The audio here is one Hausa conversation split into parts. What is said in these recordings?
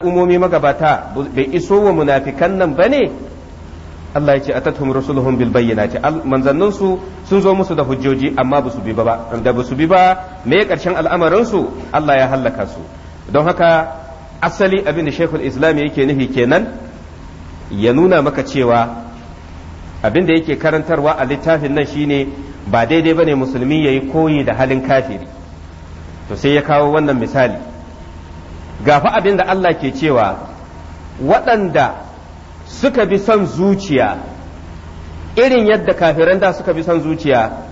umomi magabata bai iso wa munafikan nan ba ne Allah ya ce tattun rusuluhum bil bayyinati manzannin su sun zo musu da hujjoji amma ba su bi ba da ba su bi ba me karshen al'amarin su Allah ya hallaka su don haka asali abin da shekul Islam yake nufi kenan ya nuna maka cewa abin da yake karantarwa a littafin nan shine ba daidai ba ne musulmi ya yi koyi da halin kafiri to sai ya kawo wannan misali gafa abin da Allah ke cewa waɗanda suka bi son zuciya irin yadda kafiran da suka bi son zuciya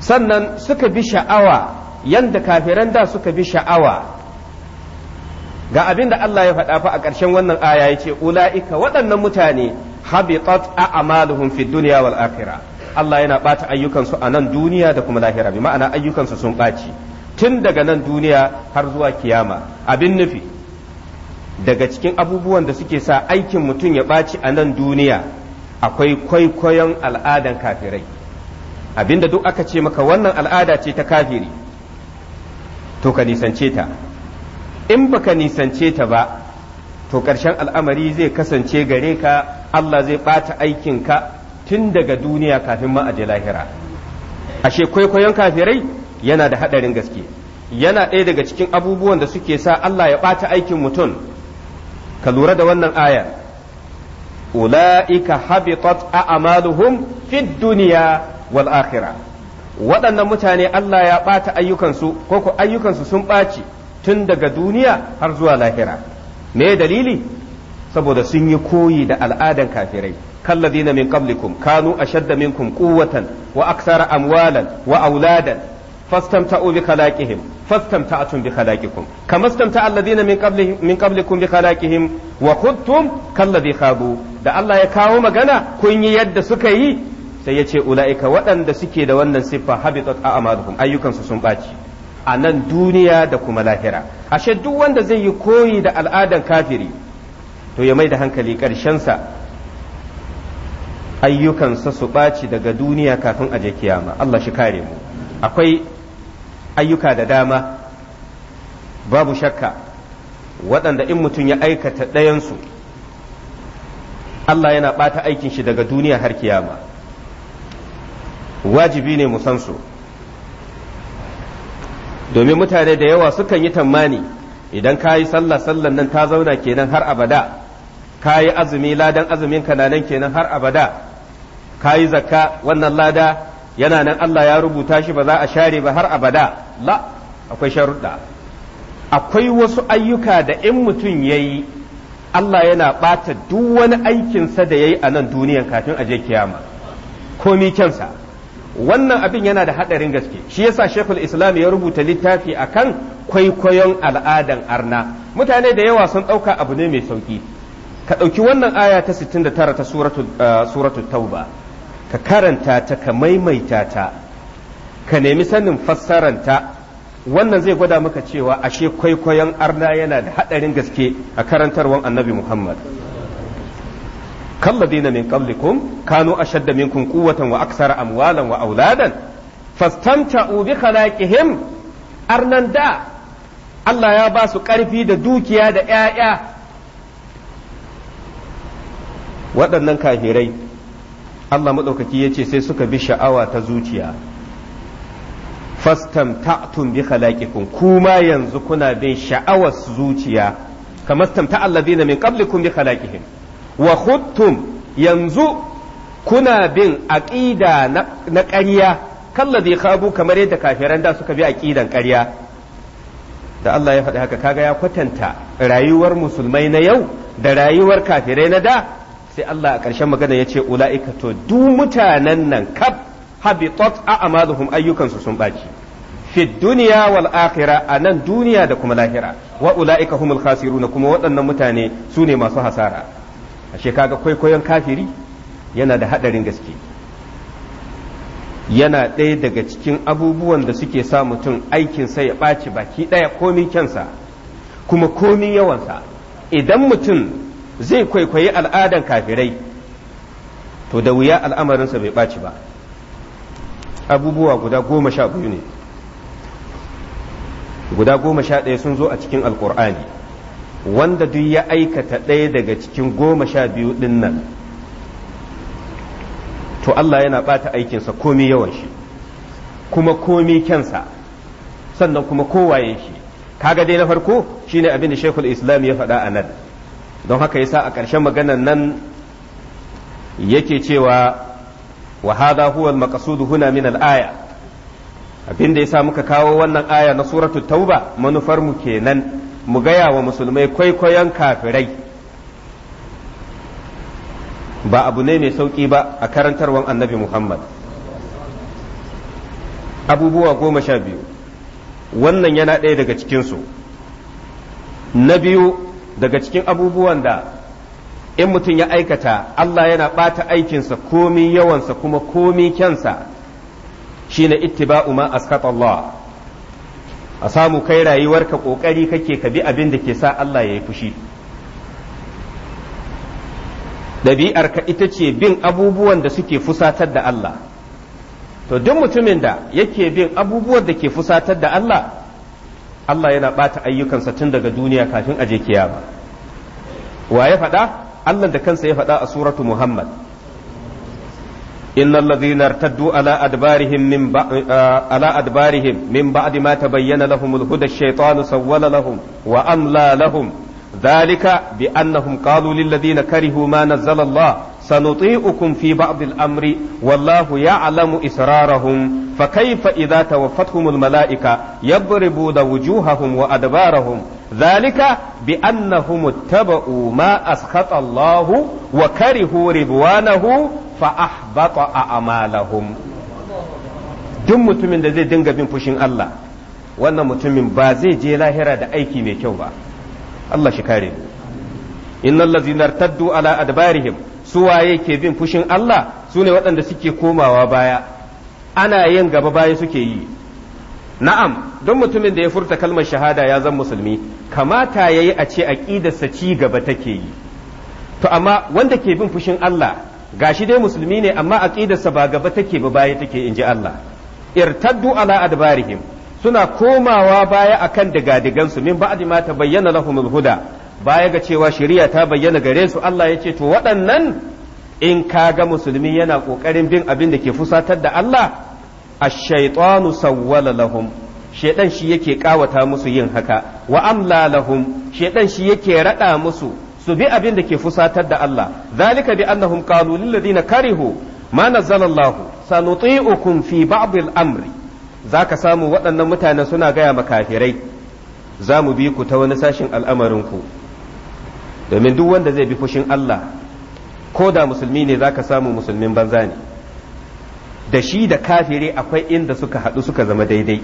sannan suka bi sha'awa yadda kafiran da suka bi sha'awa ga abin da Allah ya faɗa fa a ƙarshen wannan aya ya ce ula'ika waɗannan mutane habitat a'maluhum fid duniya wal akhirah Allah yana ɓata ayyukansu a nan duniya da kuma lahira bi ma'ana ayyukansu sun ɓaci tun daga nan duniya har zuwa kiyama abin nufi daga cikin abubuwan da suke sa aikin mutum ya ɓaci a nan duniya akwai kwaikwayon al'adan kafirai abinda duk aka ce maka wannan al'ada ce ta kafiri to ka nisance ta in baka nisance ta ba to ƙarshen al'amari zai kasance gare ka Allah zai ɓata aikinka tun daga duniya kafin ma a lahira ashe kwaikwayon kafirai yana da haɗarin gaske yana ɗaya daga cikin abubuwan da suke sa Allah ya ɓata aikin mutum ka lura da wannan aya ula'ika habitat a'maluhum fid duniya wal akhira waɗannan mutane Allah ya ɓata ayyukansu ko ko ayyukansu sun ɓaci tun daga duniya har zuwa lahira me dalili saboda sun yi koyi da al'adan kafirai kalladina min qablikum kanu ashadda minkum quwwatan wa aksara amwalan wa auladan fastamta'u bi khalaqihim fastamta'tum bi khalaqikum kama stamta'a alladhina min qablihim min qablikum bi khalaqihim wa khudtum kalladhi khadu da Allah ya kawo magana kun yi yadda suka yi sai ya ce ula'ika waɗanda suke da wannan siffa habitat a'maluhum ayyukansu sun ɓaci a nan duniya da kuma lahira ashe duk wanda zai yi koyi da al'adan kafiri to ya mai da hankali ƙarshensa ayyukansa su ɓaci daga duniya kafin a je kiyama Allah shi kare mu akwai ayyuka da dama babu shakka waɗanda in mutum ya aikata ɗayansu Allah yana ɓata aikin shi daga duniya har kiyama wajibi ne mu san su domin mutane da yawa sukan yi tammani idan ka yi sallah sallan nan ta zauna kenan har abada ka yi azumi ladan azumin kananan kenan har abada ka yi zakka wannan lada yana nan Allah ya rubuta shi ba za a share ba har abada la akwai sharuɗa akwai wasu ayyuka da in mutum ya yi Allah yana ɓata duk wani aikinsa da ya yi a nan duniyan kafin a je kiyama komi kyansa wannan abin yana da haɗarin gaske shi yasa shekul islam ya rubuta littafi akan kwaikwayon al'adan arna mutane da yawa sun ɗauka abu ne mai sauki ka ɗauki wannan aya ta 69 ta suratu eh, tauba ka karanta ta ka maimaita ta ka nemi sanin fassaranta wannan zai gwada maka cewa ashe kwaikwayon arna yana da haɗarin gaske a karantarwar annabi muhammad kalladina min qablikum kanu ashadda minkum quwwatan wa aksara amwalan wa auladan fastamta'u bi khalaqihim arnan da Allah ya ba su ƙarfi da dukiya da ‘ya'ya waɗannan kafirai Allah maɗaukaki ya ce sai suka bi sha'awa ta zuciya fastam ta'tum bi khalaqikum kuma yanzu kuna bin sha'awar zuciya kamar tamta allazina min qablikum bi khalaqihim wa khuttum yanzu kuna bin aqida na ƙarya kallazi khabu kamar yadda kafiran da suka bi aqidan ƙarya da Allah ya faɗi haka kaga ya kwatanta rayuwar musulmai na yau da rayuwar kafirai na da sai Allah a ƙarshen magana ya ce ula'ika to duk mutanen nan kab habitat a'maluhum ayyukansu sun baci fi duniya wal akhira a nan duniya da kuma lahira wa ula'ika humul na kuma waɗannan mutane su ne masu hasara ashe kaga kwaikwayon kafiri yana da haɗarin gaske yana ɗaya daga cikin abubuwan da suke sa mutum aikin aikinsa ya ɓaci baki ɗaya komi kyansa kuma komi yawansa idan mutum zai kwaikwayi al'adan kafirai to da wuya al'amarinsa bai ɓaci ba abubuwa guda goma sha biyu ne guda goma sha ɗaya sun zo a cikin alkur'ani wanda duk ya aikata ɗaya daga cikin goma sha biyu ɗin nan to Allah yana ɓata aikinsa komi yawan shi kuma komi kyansa sannan kuma kowaye shi kaga dai na farko shine abin da shekul islam ya faɗa a nan don haka yasa a ƙarshen maganar nan yake cewa wa hadha huwa al-maqsud huna min al-aya abinda yasa muka kawo wannan aya na suratul tauba manufar mu kenan mu gaya wa musulmai kwaikwayon kafirai ba abu ne mai sauƙi ba a karantarwan annabi muhammad abubuwa goma sha biyu wannan yana ɗaya daga cikinsu na biyu daga cikin abubuwan da in mutum ya aikata Allah yana ɓata aikinsa komi yawansa kuma komi kyansa shine ittiba'u ma askata Allah a samu kai rayuwarka kokari kake ka bi abin da ke sa Allah ya yi fushi ɗabi'arka ita ce bin abubuwan da suke fusatar da Allah to duk mutumin da yake bin abubuwan da ke fusatar da Allah Allah yana ɓata ayyukansa tun daga duniya kafin a je kiyama wa ya faɗa Allah da kansa ya faɗa a suratu Muhammad Inna ladhina irtaddu ala adbarihim min eh, ala adbarihim min ba'di ma tabayyana lahumul huda ash-shaytanu sawwala lahum wa amla lahum ذلك بأنهم قالوا ladina كرهوا ما نزل الله sanuti'ukum fi ba'd al-amri wallahu ya'lamu israrahum fa kayfa idza tawaffatuhum al-mala'ika yadribu da wujuhahum wa adbarahum zalika bi annahum ittaba'u ma askhata Allah wa karihu ridwanahu fa a a'malahum duk mutumin da zai dinga bin fushin Allah wannan mutumin ba zai je lahira da aiki mai kyau ba Allah shi kare innal ladzina irtaddu ala adbarihim suwaye ke bin fushin Allah su ne waɗanda suke komawa baya ana yin gaba baya suke yi na'am don mutumin da ya furta kalmar shahada ya zan musulmi kamata ya yi a ce aƙidarsa ci gaba take yi to amma wanda ke bin fushin Allah gashi dai musulmi ne amma aƙidarsa ba gaba take ba baya take inji Allah irtaddu ala adbarihim suna komawa baya akan digadigansu min ba'di ma tabayyana lahumul huda baya ga cewa shari'a ta bayyana gare su Allah ya ce to waɗannan in ka ga musulmi yana ƙoƙarin bin abin da ke fusatar da Allah a shaitanu sawwala lahum shaitan shi yake kawata musu yin haka wa amla lahum shaitan shi yake raɗa musu su bi abin da ke fusatar da Allah zalika bi annahum qalu lil ladina karihu ma nazzala Allah sanuti'ukum fi ba'd al-amri zaka samu waɗannan mutane suna gaya makafirai za mu bi ku ta wani sashin al'amarin ku. domin duk wanda zai bi fushin Allah ko da musulmi ne zaka samu musulmin banza ne da shi da kafiri akwai inda suka haɗu suka zama daidai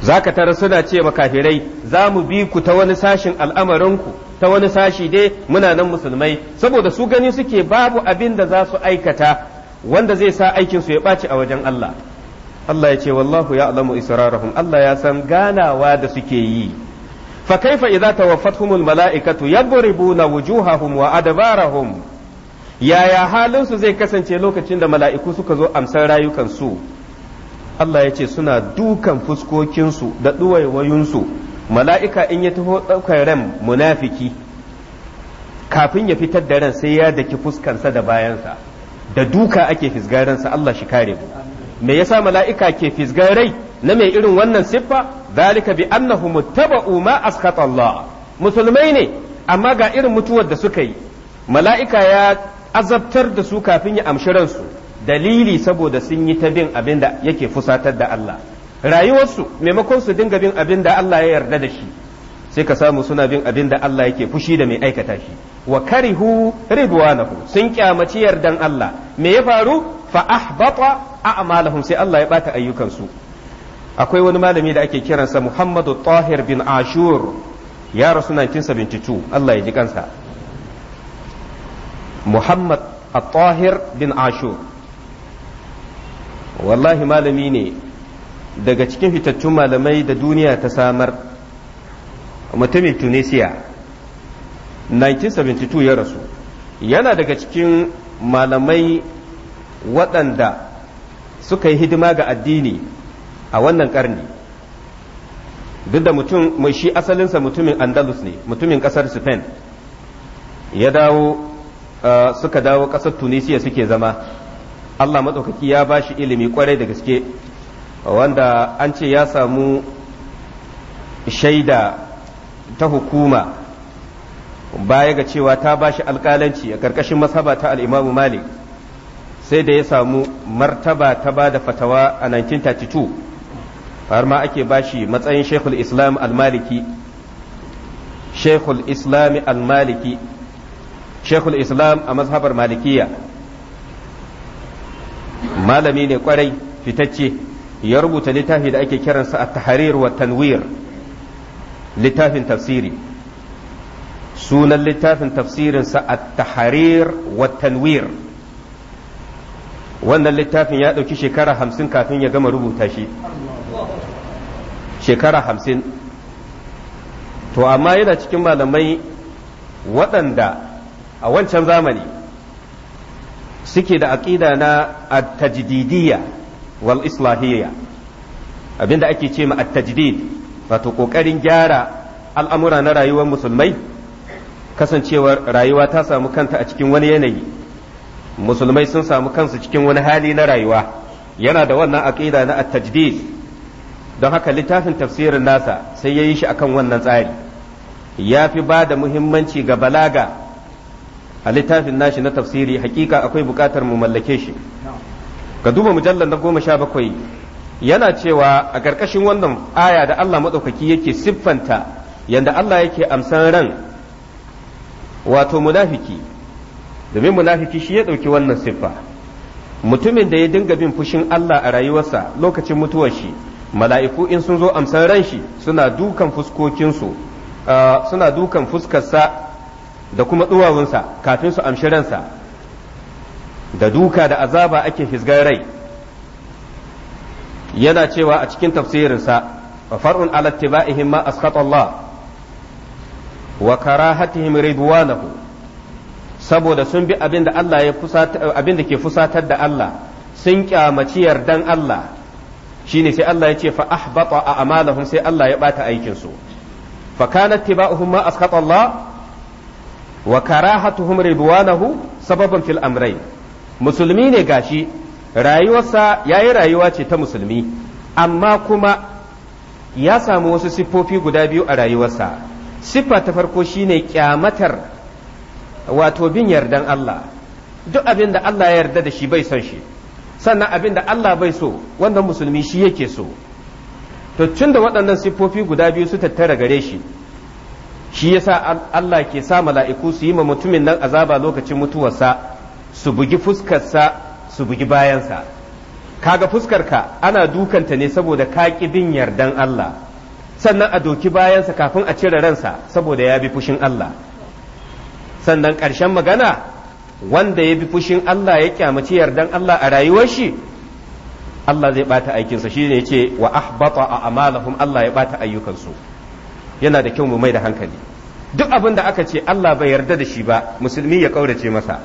Za ka tara suna ce ma kafirai za mu bi ku ta wani sashin al'amarinku ta wani sashi dai muna nan musulmai saboda su gani suke babu abin da za su aikata wanda zai sa aikinsu ya ɓaci a wajen Allah Allah ya ce wallahu ya alamu israrahum Allah ya san ganawa da suke yi fa kaifa idza tawaffathumul mala'ikatu yadribuna wujuhahum wa adbarahum yaya halinsu zai kasance lokacin da mala'iku suka zo amsa rayukansu Allah ya ce suna dukan fuskokinsu da ɗuwaiwayunsu mala'ika in ya taho ɗaukar ran munafiki kafin ya fitar da ran sai ya daki fuskansa da bayansa da duka ake fisgaransa Allah shi kare mu me yasa mala'ika ke fisgan rai na mai irin wannan siffa zalika bi annahu muttaba'u ma askhata Allah musulmai ne amma ga irin mutuwar da suka yi mala'ika ya azabtar da su kafin ya amshi ransu dalili saboda sun yi ta bin abin da yake fusatar da Allah rayuwarsu maimakon su dinga bin abin da Allah ya yarda da shi sai ka samu suna bin abin da Allah yake fushi da mai aikata shi wa karihu ridwanahu sun kyamaci yardan Allah me ya faru fa ahbata a'malahum sai Allah ya bata ayyukansu akwai wani malami da ake kiransa Muhammadu Tahir bin Ashur ya rasu 1972 Allah ya ji kansa Muhammad Tahir bin Ashur wallahi malami ne daga cikin fitattun malamai da duniya ta samar mutumin Tunisia 1972 ya rasu yana daga cikin malamai waɗanda suka yi hidima ga addini a wannan karni duk da mutum mai shi asalinsa mutumin andalus ne mutumin kasar spain ya dawo uh, suka dawo kasar tunisia suke zama allah maɗaukaki ya ba shi ilimi kwarai da gaske wanda an ce ya samu shaida ta hukuma baya ga cewa ta ba shi alƙalanci a ƙarƙashin masaba ta al'imamu malik sai da ya samu martaba ta ba da fatawa a 1932 har ma ake bashi matsayin shekul islam al-maliki shekul islam al-maliki shekul islam a mazhabar malikiya malami ne kwarai fitacce ya rubuta littafi da ake kiransa a tahrir wa tanwir littafin tafsiri sunan littafin tafsirinsa a tahrir wa tanwir wannan littafin ya ɗauki shekara hamsin kafin ya gama rubuta shi shekara hamsin to amma yana cikin malamai waɗanda a wancan zamani suke da aƙida na at wal islahiyya abinda ake ce ma attajdid wato ƙoƙarin gyara al'amura na rayuwar musulmai kasancewar rayuwa ta samu kanta a cikin wani yanayi musulmai sun samu kansu cikin wani hali na rayuwa yana da wannan aƙida na attajdid don haka littafin tafsirin nasa sai ya yi shi akan wannan tsari ya fi ba da muhimmanci ga balaga a littafin nashi na tafsiri hakika akwai bukatar mu mallake shi ga duba mujallar na goma sha bakwai yana cewa a ƙarƙashin wannan aya da Allah maɗaukaki yake siffanta yadda Allah yake amsan ran wato munafiki domin munafiki shi ya ɗauki wannan siffa mutumin da ya dinga bin fushin Allah a rayuwarsa lokacin mutuwar shi mala'iku in sun zo amsar ran shi suna dukan fuskokinsu uh, suna dukan fuskarsa da kuma duwawunsa kafin su amshi ransa da duka da azaba ake fisgar rai yana cewa a cikin tafsirinsa wa far'un ala tiba'ihim ma askhata Allah wa karahatihim ridwanahu saboda sun bi abin da Allah ya abin da ke fusatar da Allah sun kyamaci yardan Allah shine sai Allah ya ce fa ahbata a amalahum sai Allah ya bata aikin su fa kana tiba'uhum ma asqata Allah wa karahatuhum ridwanahu sababan fil musulmi ne gashi rayuwarsa yayi rayuwa ce ta musulmi amma kuma ya samu wasu siffofi guda biyu a rayuwarsa siffa ta farko shine kyamatar wato bin yardan Allah duk abin da Allah ya yarda da shi bai son shi sannan abin da Allah bai so wannan musulmi shi yake so to tun da waɗannan siffofi guda biyu su tattara gare shi shi yasa Allah ke sa mala'iku su yi ma mutumin nan azaba lokacin mutuwarsa su bugi fuskarsa su bugi bayansa kaga fuskarka ana dukanta ne saboda ka bin yardan Allah sannan a doki bayansa kafin a cire ransa saboda ya bi fushin Allah sannan ƙarshen magana wanda ya bi fushin Allah ya kyamaci yardan Allah a rayuwar shi Allah zai bata aikinsa shi ne ce wa ahbata a amalahum Allah ya bata ayyukansu yana da kyau mu mai da hankali duk abin da aka ce Allah bai yarda da shi ba musulmi ya kaurace masa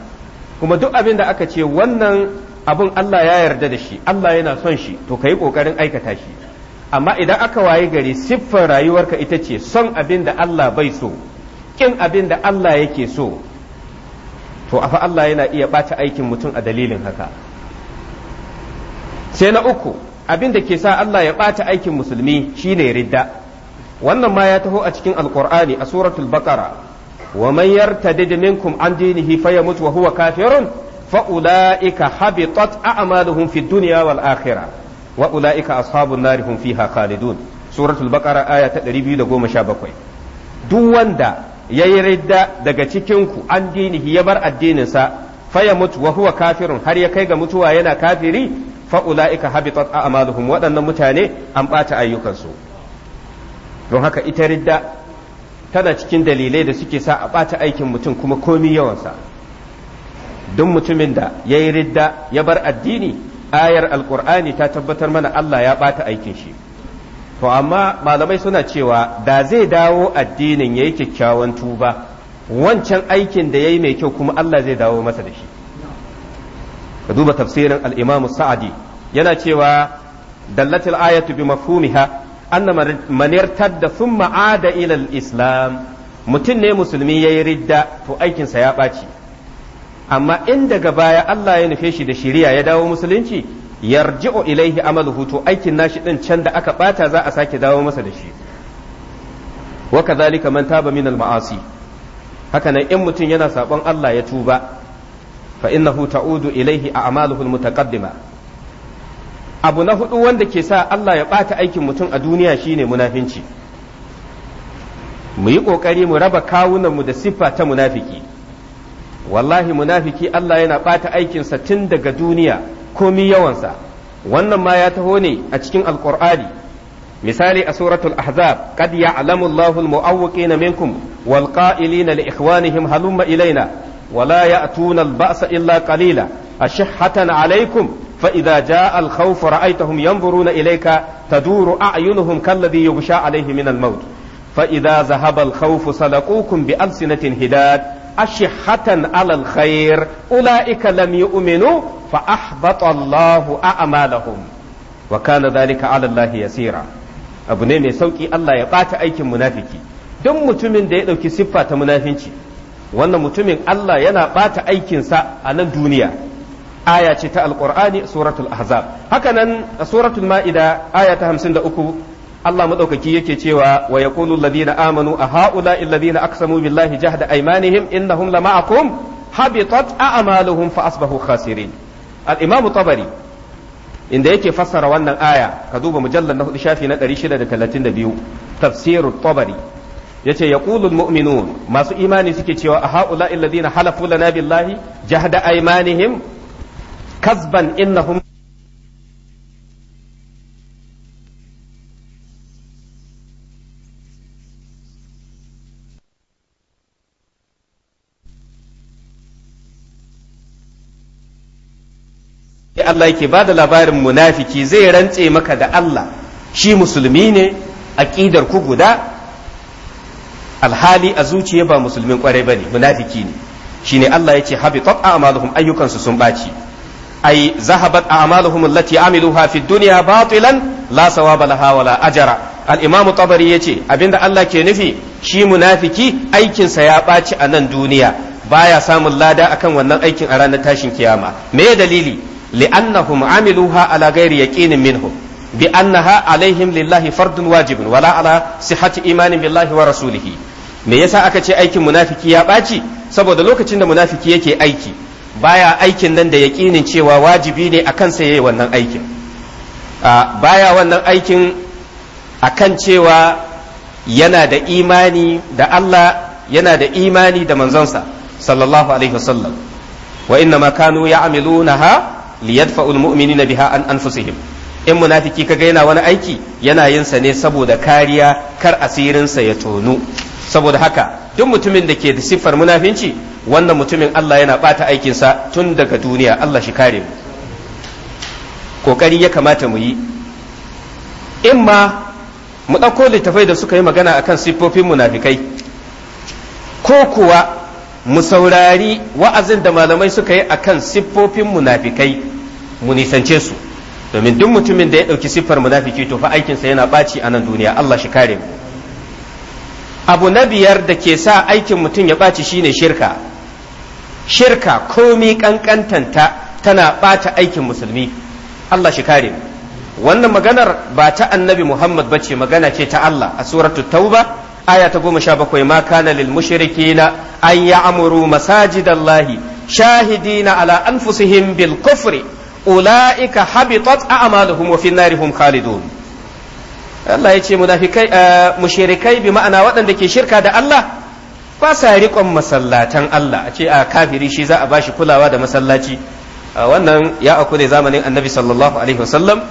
kuma duk abin da aka ce wannan abin Allah ya yarda da shi Allah yana son shi to kai kokarin aikata shi amma idan aka waye gari siffar rayuwarka ita ce son abin da Allah bai so kin abin da Allah yake so to afa Allah yana iya ɓata aikin mutum a dalilin haka sai na uku abin da ke sa Allah ya ɓata aikin musulmi shine ridda wannan ma ya taho a cikin alkur'ani a suratul baqara wa man yartadid minkum an dinihi fayamut wa huwa kafirun fa ulaika habitat a'maluhum fid dunya wal akhirah wa ulaika ashabun nar hum fiha khalidun suratul baqara aya ta 217 duk wanda ya yi ridda daga cikinku an dinihi ya bar addininsa faya mutu wa huwa kafirun har ya kai ga mutuwa yana kafiri fa ula'ika a a'maluhum waɗannan mutane an ɓata ayyukansu don haka ita ridda tana cikin dalilai da suke sa a ɓata aikin mutum kuma komi yawansa Don mutumin da ya yi ridda ya bar addini ayar alkur'ani ta tabbatar mana Allah ya ɓata aikin shi to amma malamai suna cewa da zai dawo addinin ya yi kyakkyawan tuba wancan aikin da ya yi mai kyau kuma Allah zai dawo masa da shi ka duba tafsirin al'imamu sa'adi yana cewa dallatil ayatu bi mafhumiha anna man da sun ma'ada ilal islam mutum ne musulmi yayi ridda to aikinsa ya ɓaci amma in daga baya Allah ya nufe shi da shiriya ya dawo musulunci yarji'u ilaihi amaluhu to aikin nashi din can da aka bata za a sake dawo masa da shi wa kadhalika man taba min al ma'asi haka nan in mutum yana sabon Allah ya tuba fa innahu ta'udu ilaihi a'maluhu al mutaqaddima abu na hudu wanda ke sa Allah ya bata aikin mutum a duniya shine munafinci mu yi kokari mu raba kawunanmu da siffa ta munafiki wallahi munafiki Allah yana bata aikinsa tun daga duniya komi yawansa wannan ma ya taho ne a cikin alqur'ani misali a suratul ahzab qad ya'lamu Allahu al minkum wal li ikhwanihim halumma ilaina ولا يأتون البأس إلا قليلا أشحة عليكم فإذا جاء الخوف رأيتهم ينظرون إليك تدور أعينهم كالذي maut fa من الموت فإذا ذهب الخوف bi alsinatin hidad ashihatan alal khair ulaika lam yu'minu fa ahbata Allahu a'malahum wa kana dhalika ala Allah yasira abu ne mai sauƙi Allah ya ɓata aikin munafiki duk mutumin da ya ɗauki siffa ta munafinci wannan mutumin Allah yana bata aikinsa a nan duniya aya ce ta alqur'ani suratul ahzab hakanan a suratul ma'ida aya ta uku. Allah madaukaki yake cewa wa yaqulu alladhina amanu a haula alladhina aqsamu billahi jahda aymanihim innahum lama'akum habitat a'maluhum fa asbahu khasirin al imamu tabari inda yake fassara wannan aya ka duba mujallal na hudu shafi na 632 tafsir tabari yace yaqulu almu'minun masu imani suke cewa a haula alladhina halafu lana billahi jahda aymanihim kasban innahum haka Allah yake ba da labarin munafiki zai rantse maka da Allah shi musulmi ne aƙidar ku guda alhali a zuciya ba musulmin kwarai ne munafiki ne ne Allah yace habitat a'maluhum ayyukansu sun baci ai zahabat a'maluhum allati amiluha fi dunya batilan la sawaba laha wala ajra al imamu tabari yace abinda Allah ke nufi shi munafiki aikinsa ya ɓaci a nan duniya baya samun lada akan wannan aikin a ranar tashin kiyama me dalili li'annahum amiluha ala gairi yaƙinin minhu bi annaha alaihim lillahi fardun wajibin wala ala sihhati imanin billahi wa rasulihi me yasa aka ce aikin munafiki ya ɓaci saboda lokacin da munafiki yake aiki baya aikin nan da yaƙinin cewa wajibi ne akan sa wannan aikin baya wannan aikin akan cewa yana da imani da Allah yana da imani da manzonsa sallallahu alaihi wasallam wa inna amilu na ha. liyadfa'ul mu'minina biha an anfusihim in munafiki kaga yana wani aiki yana yin sa ne saboda kariya kar asirinsa ya tonu saboda haka duk mutumin da ke da siffar munafinci wannan mutumin Allah yana bata aikinsa tun daga duniya Allah shi kare mu kokari ya kamata mu yi in ma mu ɗauko littafai da suka yi magana akan siffofin munafikai ko kuwa mu saurari wa'azin da malamai suka yi a kan siffofin munafikai mu nisance su domin duk mutumin da ya ɗauki siffar munafiki to fa aikinsa yana ɓaci a nan duniya Allah shi kare mu abu na biyar da ke sa aikin mutum ya ɓaci shine shirka shirka komi ƙanƙantanta tana ɓata aikin musulmi Allah shi kare mu wannan maganar ba ta annabi Muhammad ba ce magana ce ta Allah a suratul tauba aya ta goma sha bakwai ma kana lil mushrikina an ya'muru masajidallahi shahidina ala anfusihim bil kufri ula'ika habitat a'maluhum wa fin khalidun Allah ya ce munafikai eh, mushrikai bi ma'ana waɗanda ke shirka da Allah ba sa riƙon masallatan Allah a ce a kafiri shi za a bashi kulawa da masallaci wannan ya aku zamanin Annabi sallallahu alaihi wasallam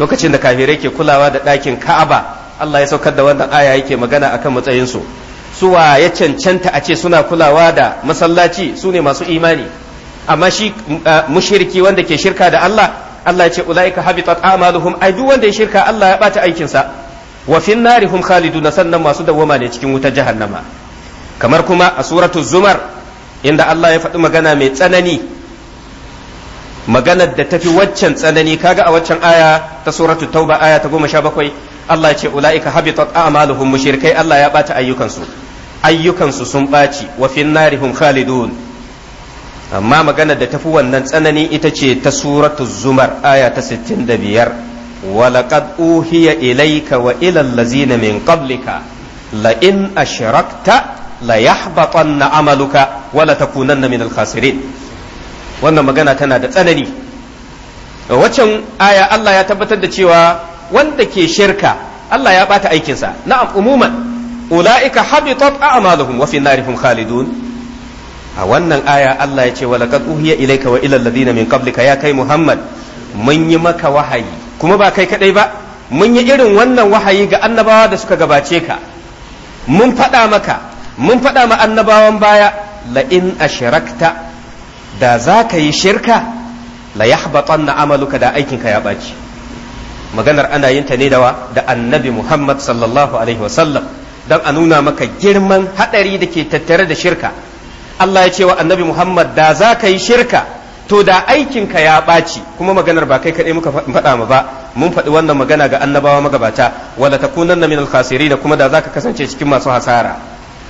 lokacin da kafirai ke kulawa da ɗakin Ka'aba Allah ya saukar da wannan aya yake magana akan matsayinsu wa ya cancanta a ce suna kulawa da masallaci su ne masu imani amma shi mushriki wanda ke shirka da Allah Allah ya ce ulaika habitat amaluhum ai duk wanda ya shirka Allah ya bata aikinsa wa fin narihum khaliduna sannan masu dawwama ne cikin wutar jahannama kamar kuma a suratu zumar inda Allah ya faɗi magana mai tsanani maganar da tafi waccan tsanani kaga a waccan aya ta suratu tauba aya ta goma sha bakwai Allah ya ce ulaika habitat a'maluhum mushrikai Allah ya bata ayyukansu ayyukansu sun baci wa fin narihum khalidun amma maganar da tafi wannan tsanani ita ce ta suratu zumar aya ta 65 walaqad uhiya ilayka wa ilal ladzina min qablika la in ashrakta la yahbatanna amaluka wa la takunanna min khasirin wannan magana tana da tsanani waccan aya Allah ya tabbatar da cewa wanda ke shirka Allah ya bata aikinsa na'am umuman ula'ika habitat a'maluhum wa fi narihum khalidun a wannan aya Allah ya ce wa laqad uhiya ilayka wa ila alladhina min qablika ya kai Muhammad mun yi maka wahayi kuma ba kai kadai ba mun yi irin wannan wahayi ga annabawa da suka gabace ka mun faɗa maka mun faɗa ma annabawan baya la'in asharakta da za ka yi shirka la yahbatanna amaluka da aikinka ya ɓaci maganar ana yin ta ne da da annabi Muhammad sallallahu alaihi wasallam don a nuna maka girman hadari da ke tattare da shirka Allah ya ce wa annabi Muhammad da za ka yi shirka to da aikinka ya ɓaci kuma maganar ba kai kaɗai muka faɗa ma ba mun faɗi wannan magana ga annabawa magabata wala na min minal da kuma da za ka kasance cikin masu hasara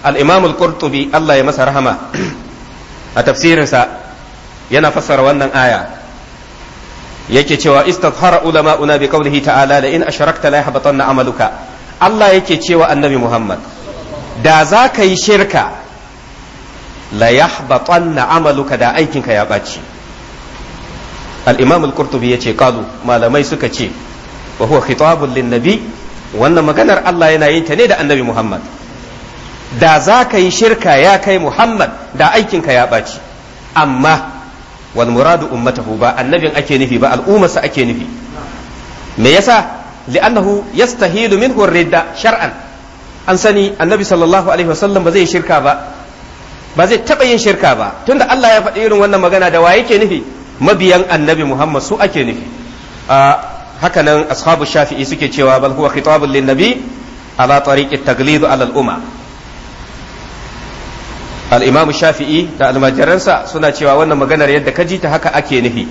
al-imam al-qurtubi Allah ya masa rahama a tafsirinsa yana fassara wannan aya yake cewa istaghfara ulama'una bi qawlihi ta'ala la in asharakta la yahbatanna amaluka Allah yake cewa annabi Muhammad da za ka yi shirka la yahbatanna amaluka da aikinka ya baci. al-imam al-qurtubi yace qalu malamai suka ce wa huwa khitabun lin-nabi wannan maganar Allah yana yin ta ne da annabi Muhammad da za ka yi shirka ya kai Muhammad da aikinka ya baci amma wal muradu ummatahu ba annabi ake nufi ba al'ummarsa ake nufi me yasa li'annahu yastahilu min ridda shar'an an sani annabi sallallahu alaihi wasallam ba zai shirka ba ba zai taba yin shirka ba tunda Allah ya faɗi irin wannan magana da wa yake nufi mabiyan annabi Muhammad su ake nufi hakanan ashabu shafi'i suke cewa bal huwa khitabun lin ala tariqi taglid ala al al-imam shafi'i da almajiransa suna cewa wannan maganar yadda ka ji ta haka ake nufi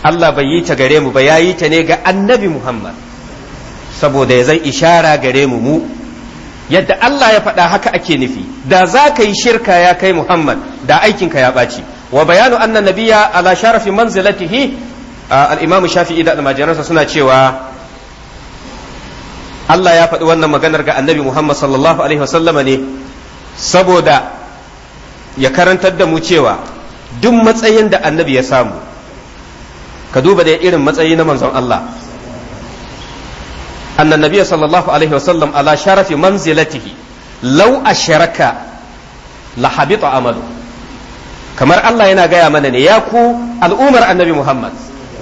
Allah bai yi ta gare mu ba yayi ta ne ga annabi Muhammad saboda zai ishara gare mu mu yadda Allah ya faɗa haka ake nufi da za ka yi shirka ya kai Muhammad da aikinka ya ɓaci wa bayanu anna nabiya ala sharafi manzilatihi al-imamu shafi'i da almajiransa suna cewa Allah ya faɗi wannan maganar ga annabi Muhammad sallallahu alaihi wasallama ne saboda ya karantar da mu cewa duk matsayin da annabi ya samu ka duba da irin matsayi na manzon Allah annan nabiya sallallahu alaihi wasallam ala sharafi manzilatihi law asharaka la habita amalu kamar Allah yana gaya mana ne ya ku al'umar annabi Muhammad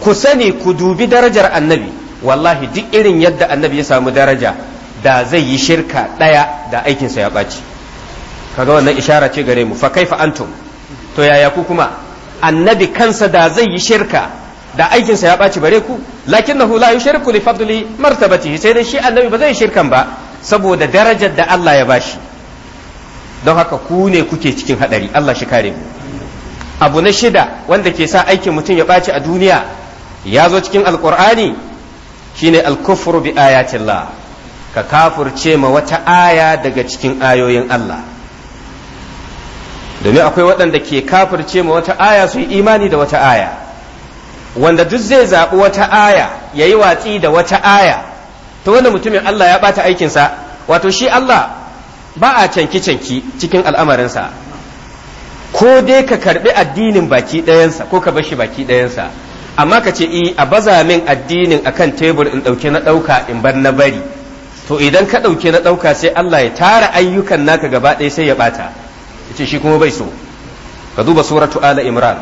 ku sani ku dubi darajar annabi wallahi duk irin yadda annabi ya samu daraja da zai yi shirka ɗaya da aikinsa ya ɓaci kaga wannan ishara ce gare mu fa kaifa antum to yaya ku kuma annabi kansa da zai yi shirka da aikinsa ya ɓaci bare ku lakinnahu la yushriku li fadli martabatihi sai dai shi annabi ba zai shirkan ba saboda darajar da Allah ya bashi don haka ku ne kuke cikin hadari Allah shi kare mu abu na shida wanda ke sa aikin mutum ya ɓaci a duniya ya zo cikin alqur'ani shine alkufru bi ayatillah ka kafurce ma wata aya daga cikin ayoyin Allah domin akwai waɗanda ke kafirce ma wata aya su yi imani da wata aya wanda duk zai zaɓi wata aya ya yi watsi da wata aya ta wanda mutumin Allah ya ɓata aikinsa wato shi Allah ba a canki-canki cikin al'amarinsa ko dai ka karɓi addinin baki ɗayansa ko ka bar shi baki ɗayansa amma ka ce i eh, a baza min addinin akan tebur in ɗauke na ɗauka in bar na bari to idan ka ɗauke na ɗauka sai Allah ya tara ayyukan naka gaba ɗaya sai ya ɓata yace shi kuma bai so ka duba suratu ala imran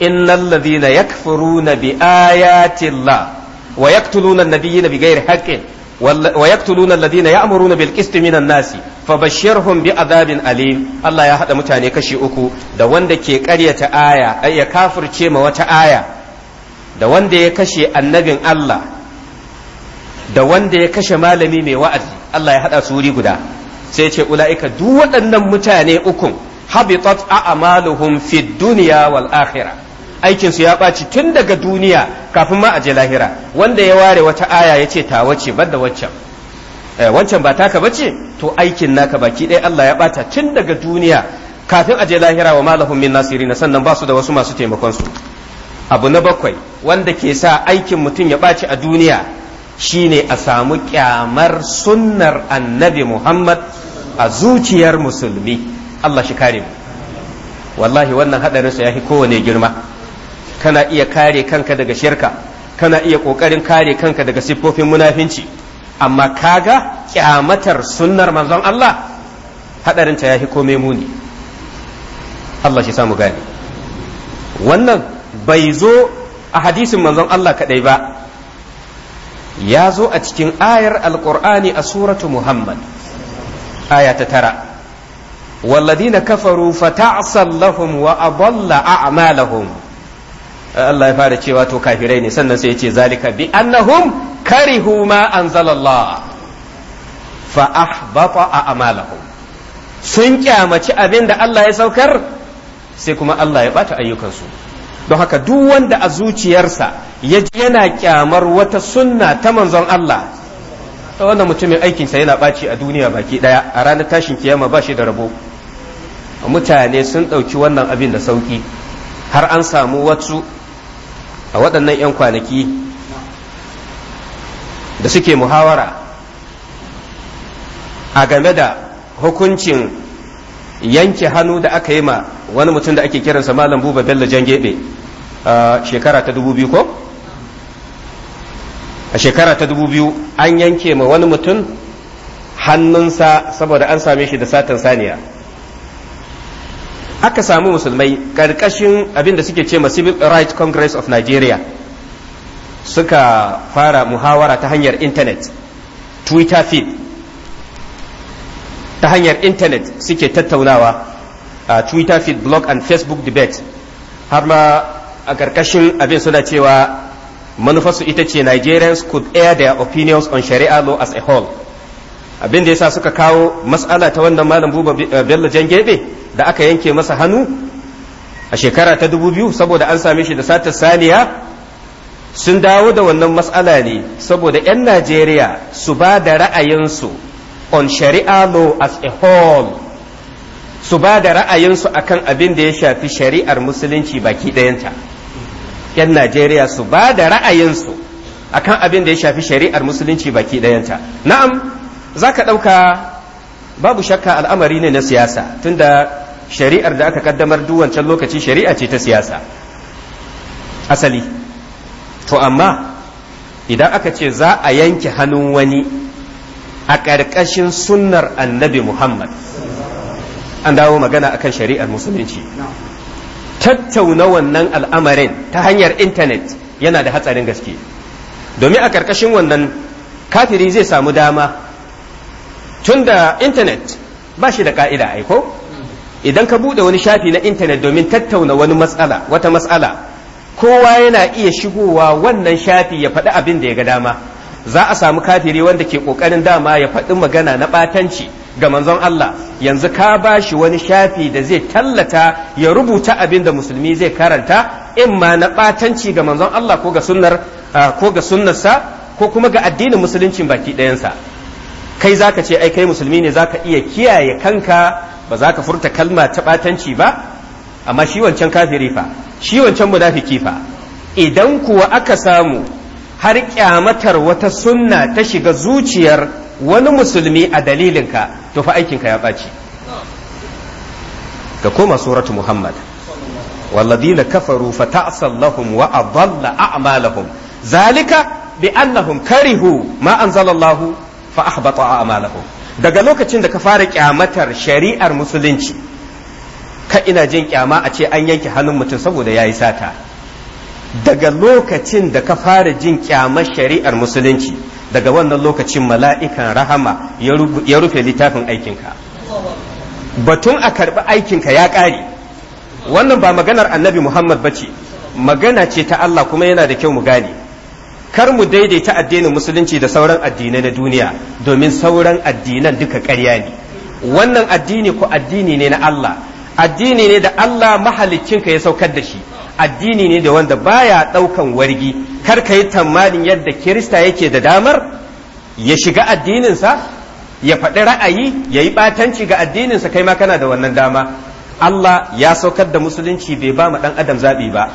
innal ladhina yakfuruna bi ayati llah wa yaqtuluna an-nabiyyina bighairi haqqin wa yaqtuluna alladhina ya'muruna bil qisti minan nasi fabashshirhum bi adhabin alim Allah ya hada mutane kashi uku da wanda ke ƙaryata aya ay ya kafirce ma wata aya da wanda ya kashe annabin Allah da wanda ya kashe malami mai wa'azi Allah ya hada su guda sai ce ula'ika duk waɗannan mutane ukun habitat a'maluhum fid dunya wal akhira aikinsu ya ɓaci tun daga duniya kafin ma a je lahira wanda ya ware wata aya yace ta wace banda waccan eh, wancan ba taka bace to aikin naka baki ɗaya Allah ya ɓata tun daga duniya kafin a je lahira wa malahum min sannan ba su da wasu masu taimakon su abu na bakwai wanda ke sa aikin mutum ya ɓaci a duniya shine a samu kyamar sunnar annabi Muhammad a zuciyar musulmi Allah shi kare wallahi wannan hadarinsa ya fi kowane girma kana iya kare kanka daga shirka kana iya ƙoƙarin kare kanka daga siffofin munafinci amma kaga kyamatar sunnar manzon Allah hadarinta ya fi komai muni Allah shi samu gane wannan bai zo a hadisin manzon Allah kadai ba ya zo a cikin ayar alƙur'ani a suratu Muhammad aya ta tara walladina kafaru fata'sal lahum wa adalla a'malahum eh, Allah ya fara cewa to kafirai ne sannan sai ya ce zalika bi annahum karihu ma anzalallah fa ahbata a'malahum sun kyamaci abin da Allah ya saukar sai kuma Allah ya bata ayyukansu don haka duk wanda a zuciyarsa ya ji yana kyamar wata sunna ta manzon Allah wannan mutumin sa yana baci a duniya baki ɗaya a ranar tashin kiyama ba shi da rabo mutane sun ɗauki wannan abin da sauki har an samu wasu a waɗannan 'yan kwanaki da suke muhawara a game da hukuncin yanke hannu da aka yi ma wani mutum da ake kiransa malam buba bello jangebe uh, shekara ta dubu biyu ko a shekara ta dubu biyu an yanke ma wani mutum hannunsa saboda an same shi da satan saniya aka samu musulmai ƙarƙashin abin da suke ce ma civil rights congress of nigeria suka fara muhawara ta hanyar intanet twitter feed ta hanyar intanet suke tattaunawa a twitter feed blog and facebook debate har ma a ƙarƙashin abin suna cewa manufarsu ita ce Nigerians could air their opinions on Sharia law as a whole abin da yasa suka kawo mas'ala ta wannan malam Buba eh, Bello Jangebe da aka yanke masa hannu a shekara ta dubu biyu saboda an same shi da satar saniya sun dawo da wannan mas'ala ne saboda 'yan Najeriya su ba da ra'ayinsu on Sharia law as a whole su ba da ra'ayinsu akan abin da ya shafi shari'ar musulunci baki ɗayanta. 'yan Najeriya su ba da ra'ayinsu kan abin da ya shafi shari'ar musulunci baki ɗayanta. Na'am, za ka ɗauka babu shakka al'amari ne na siyasa tunda shari'ar da aka kaddamar duk wancan lokaci shari'a ce ta siyasa asali. To amma idan aka ce za a yanke hannun wani a ƙarƙashin sunnar annabi Muhammad. An dawo magana akan shari'ar musulunci. tattauna wannan al'amarin ta hanyar intanet yana da hatsarin gaske domin a ƙarƙashin wannan kafiri zai samu dama tun da intanet ba shi da ƙa'ida aiko idan ka buɗe wani shafi na intanet domin tattauna wani matsala wata matsala kowa yana iya shigowa wannan shafi ya faɗi abin da ya ga dama za a samu kafiri wanda ke ƙoƙarin dama ya faɗi magana na ɓatanci ga manzon Allah yanzu ka ba shi wani shafi da zai tallata ya rubuta abin da musulmi zai karanta in ma na ɓatanci ga manzon Allah ko ga sunnar ko ga sunnarsa ko kuma ga addinin musulunci baki ɗayansa kai zaka ce ai kai musulmi ne zaka iya kiyaye kanka ba za furta kalma ta batanci ba amma shi wancan kafiri fa shi wancan munafiki fa idan kuwa aka samu har kyamatar wata sunna ta shiga zuciyar wani musulmi a dalilinka to fa aikinka ya ɓaci ka koma suratu muhammad والذين كفروا فتعسى لهم وأضل أعمالهم ذلك بأنهم كرهوا ما أنزل الله فأحبط أعمالهم daga lokacin da ka fara kyamatar shari'ar musulunci ka ina jin kyama a ce an yanke hannun mutum saboda ya yi sata daga lokacin da ka fara jin kyamar shari'ar musulunci daga wannan lokacin mala'ikan rahama ya rufe littafin aikinka batun a karɓi aikinka ya ƙare wannan ba maganar annabi muhammad ba ce magana ce ta allah kuma yana da kyau mu gane kar mu daidaita addinin musulunci da sauran addinai na duniya domin sauran addinan duka ƙarya ne wannan addini ko addini ne na allah addini ne da allah mahalicinka ya saukar da shi addini ne da wanda baya ɗaukan wargi kar ka yi tamanin yadda kirista yake da damar ya shiga addininsa ya faɗi ra'ayi ya yi ɓatanci ga addininsa kai ma kana da wannan dama Allah ya saukar da musulunci bai ba mu dan adam zabi ba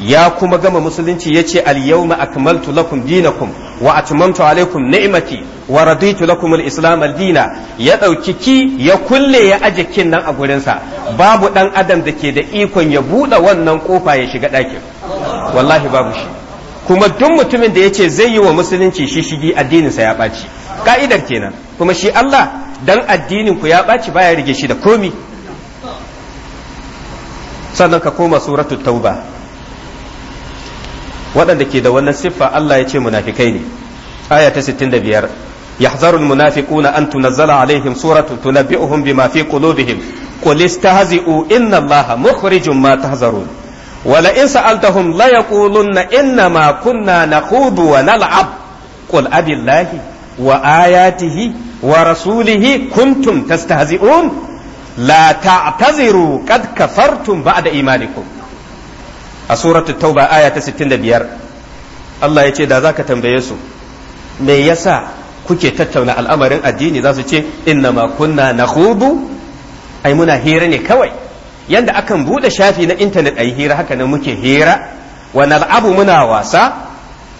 ya kuma gama musulunci ya ce al-yawma akmaltu lakum dinakum wa atmamtu alaikum ni'mati wa raditu lakum al-islam al-dina ya dauki ki ya kulle ya aje kin nan a gurin sa babu dan adam da ke da ikon ya bude wannan kofa ya shiga dakin wallahi babu shi kuma duk mutumin da yace zai yi wa musulunci shi shigi addinin sa ya ɓaci ka'idar kenan kuma shi Allah dan addinin ku ya baci baya rige shi da komi sannan ka koma suratul tauba waɗanda ke da wannan siffa Allah ya ce munafikai ne aya ta 65 yahzarul munafiquna an tunazzala alaihim suratun tunabbi'uhum bima fi qulubihim qul istahzi'u inna Allaha mukhrijum ma tahzarun wala in sa'altahum la yaqulunna inna ma kunna nakhudu wa nal'ab qul abillahi wa ayatihi wa rasulihi kuntum tastahzi'un la ta'taziru qad kafartum ba'da imanikum a suratul tauba aya ta biyar. Allah ya ce da zaka tambaye su me yasa kuke tattauna al'amarin addini za su ce inna ma kunna nakhudu ai muna hira ne kawai yanda akan buɗe shafi na intanet ayi hira haka ne muke hira wa al'abu muna wasa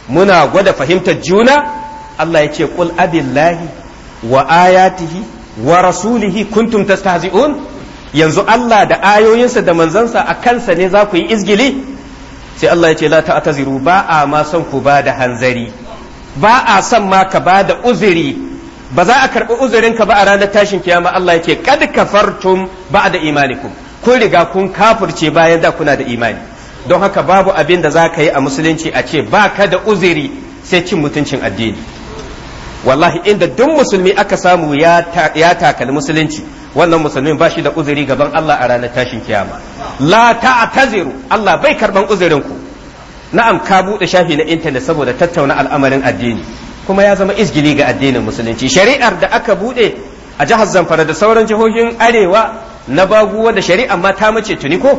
muna gwada fahimtar juna Allah ya ce qul abillahi wa ayatihi wa rasulihi kuntum tastahzi'un yanzu Allah da ayoyinsa da manzansa a kansa ne za ku yi izgili sai Allah ya ce la ta'taziru ba a ma son ku ba da hanzari ba a son ma ka ba da uzuri ba za a karɓi ka ba a ranar tashin kiyama Allah ya ce kad kafartum ba da imanikum kun riga kun kafirce bayan da kuna da imani don haka babu abin da za ka yi a musulunci a ce ba ka da uzuri sai cin mutuncin addini wallahi inda duk musulmi aka samu ya takali musulunci wannan musulmin ba shi da uzuri gaban Allah a ranar tashin kiyama la ta'taziru Allah bai karban uzurin ku na'am ka bude shafi na intanet saboda tattauna al'amarin addini kuma ya zama izgili ga addinin musulunci shari'ar da aka bude a jihar Zamfara da sauran jihohin arewa na baguwa da shari'a ma ta mace tuni ko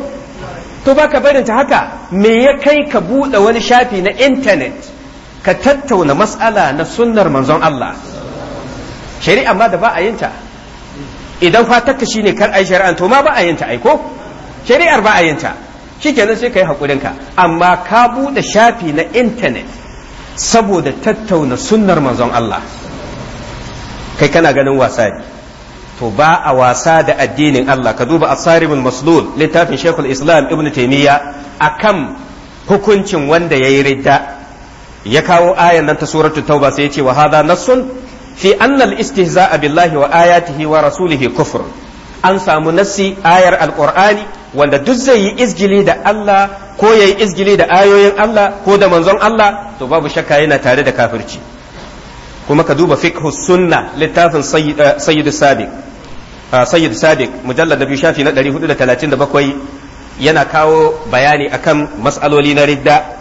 to baka barin ta haka me ya kai ka bude wani shafi na intanet ka tattauna mas'ala na sunnar manzon Allah shari'a ma da ba a yinta idan fatakka shine kar ai shari'a to ma ba a yinta ai ko shari'ar ba a yinta shikenan sai kai hakurin ka amma ka bude shafi na internet saboda tattauna sunnar manzon Allah kai kana ganin wasa ne to ba a wasa da addinin Allah ka duba asarimul maslul littafin shekul islam ibn taymiya akan hukuncin wanda yayi ridda ya kawo ayan nan ta suratul tauba sai ya ce wa hadha nassun fi anna al-istihza'a billahi wa ayatihi wa rasulihi kufr an samu nassi ayar alqur'ani wanda duk zai yi izgili da Allah ko yayi izgili da ayoyin Allah ko da manzon Allah to babu shakka yana tare da kafirci kuma ka duba fiqhu sunna littafin eh, sayyid sabiq ah, sayyid sabiq mujallad shafi na 437 yana kawo bayani akan mas'aloli na ridda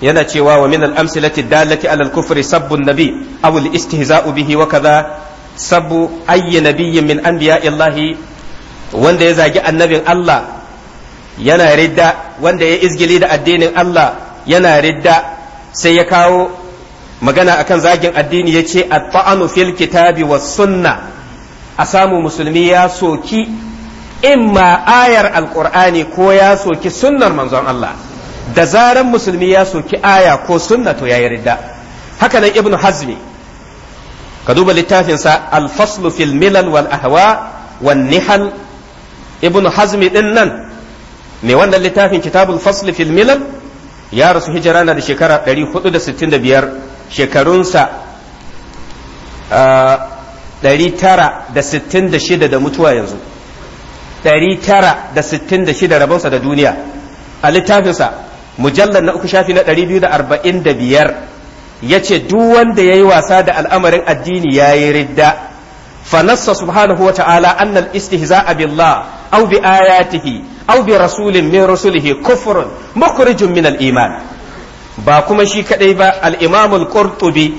yana cewa wa min al-amsilati dallati ala kufri sabbun nabi aw al-istihza'u bihi wa kaza sabbu ayyi nabiyyin min illahi wanda ya zagi annabin Allah yana ridda wanda ya izgili da addinin Allah yana ridda sai ya kawo magana akan zagin addini ya ce a taanu fil kitabi wa sunna a samu musulmi ya soki imma ayar alƙur'ani ko ya soki sunnar manzon Allah da zaran musulmi ya soki aya ko sunna to yayi ridda haka nan ibnu hazmi ka duba littafinsa al-faslu fil milal wal ahwa wan nihal ibnu hazmi din nan me wannan littafin kitabul fasli fil milal ya rasu hijira na da shekara 465 shekarunsa 966 da mutuwa yanzu 966 rabonsa da duniya a littafinsa mujallar na uku shafi na biyar ya ce duk wanda ya yi wasa da al'amarin addini ya yi ridda fanassa subhanahu wa ta'ala annal istihza'a billah au bi ayatihi au bi rasulin min rusulihi kufrun mukhrijun min al-iman ba kuma shi kadai ba al-imam al-qurtubi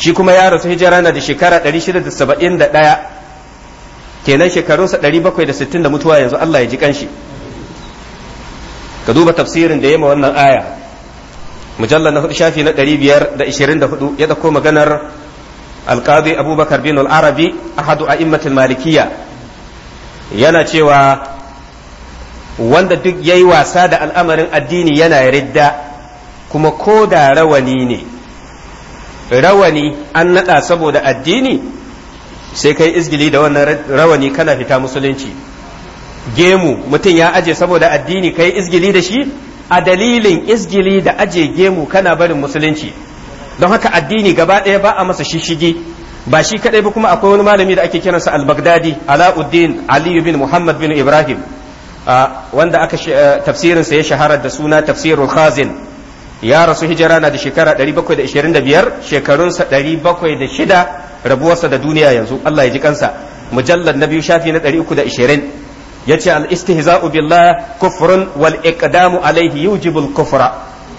shi kuma ya rasu hijira na da shekara 671 kenan shekarunsa 760 da mutuwa yanzu Allah ya ji kanshi ka duba tafsirin da ya ma wannan aya mujallar na hudu shafi na ɗari biyar da ishirin da hudu ya ɗauko maganar alƙadi abubakar bin al-arabi ahadu a immatul malikiya yana cewa wanda duk yayi wasa da al'amarin addini yana ridda kuma ko da rawani ne rawani an naɗa saboda addini sai kai izgili da wannan rawani kana fita musulunci gemu mutum ya aje saboda addini kai izgili da shi a dalilin izgili da aje gemu kana barin musulunci don haka addini gaba ɗaya ba a masa shishigi ba shi kadai ba kuma akwai wani malami da ake kiransa al-baghdadi alauddin ali bin muhammad bin ibrahim wanda aka eh, tafsirinsa ya shahara da suna tafsirul khazin ya rasu hijira na da shekara 725 shekarunsa 706 rabuwarsa da duniya yanzu Allah ya ji kansa mujallad na biyu shafi na 320 yace al istihza'u billah kufrun wal iqdamu alaihi yujibul kufra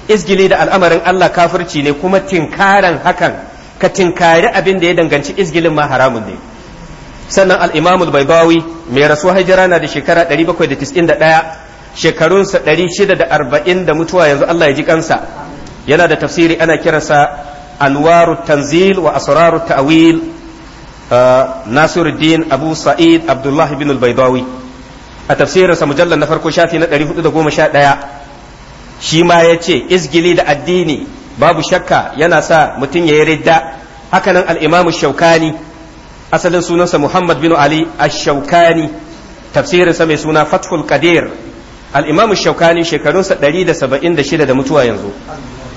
izgili da al'amarin Allah kafirci ne kuma tinkaran hakan ka tinkari abin da ya danganci izgilin ma haramun ne sannan al-imam al mai rasuwa hijira na da shekara 791 shekarunsa 640 da mutuwa yanzu Allah ya ji kansa yana da tafsiri ana kiransa anwaru tanzil wa asraru ta'wil uh, nasiruddin abu sa'id abdullahi bin al-baydawi a tafsirinsa mujallar na farko shafi na 411 shi ma ya ce izgili da addini babu shakka yana sa mutum ya yi ridda hakanan al'imamu shaukani asalin sunansa muhammad bin ali ash-shaukani tafsirinsa mai suna fathul qadir al'imamu shaukani shekarunsa 176 da mutuwa yanzu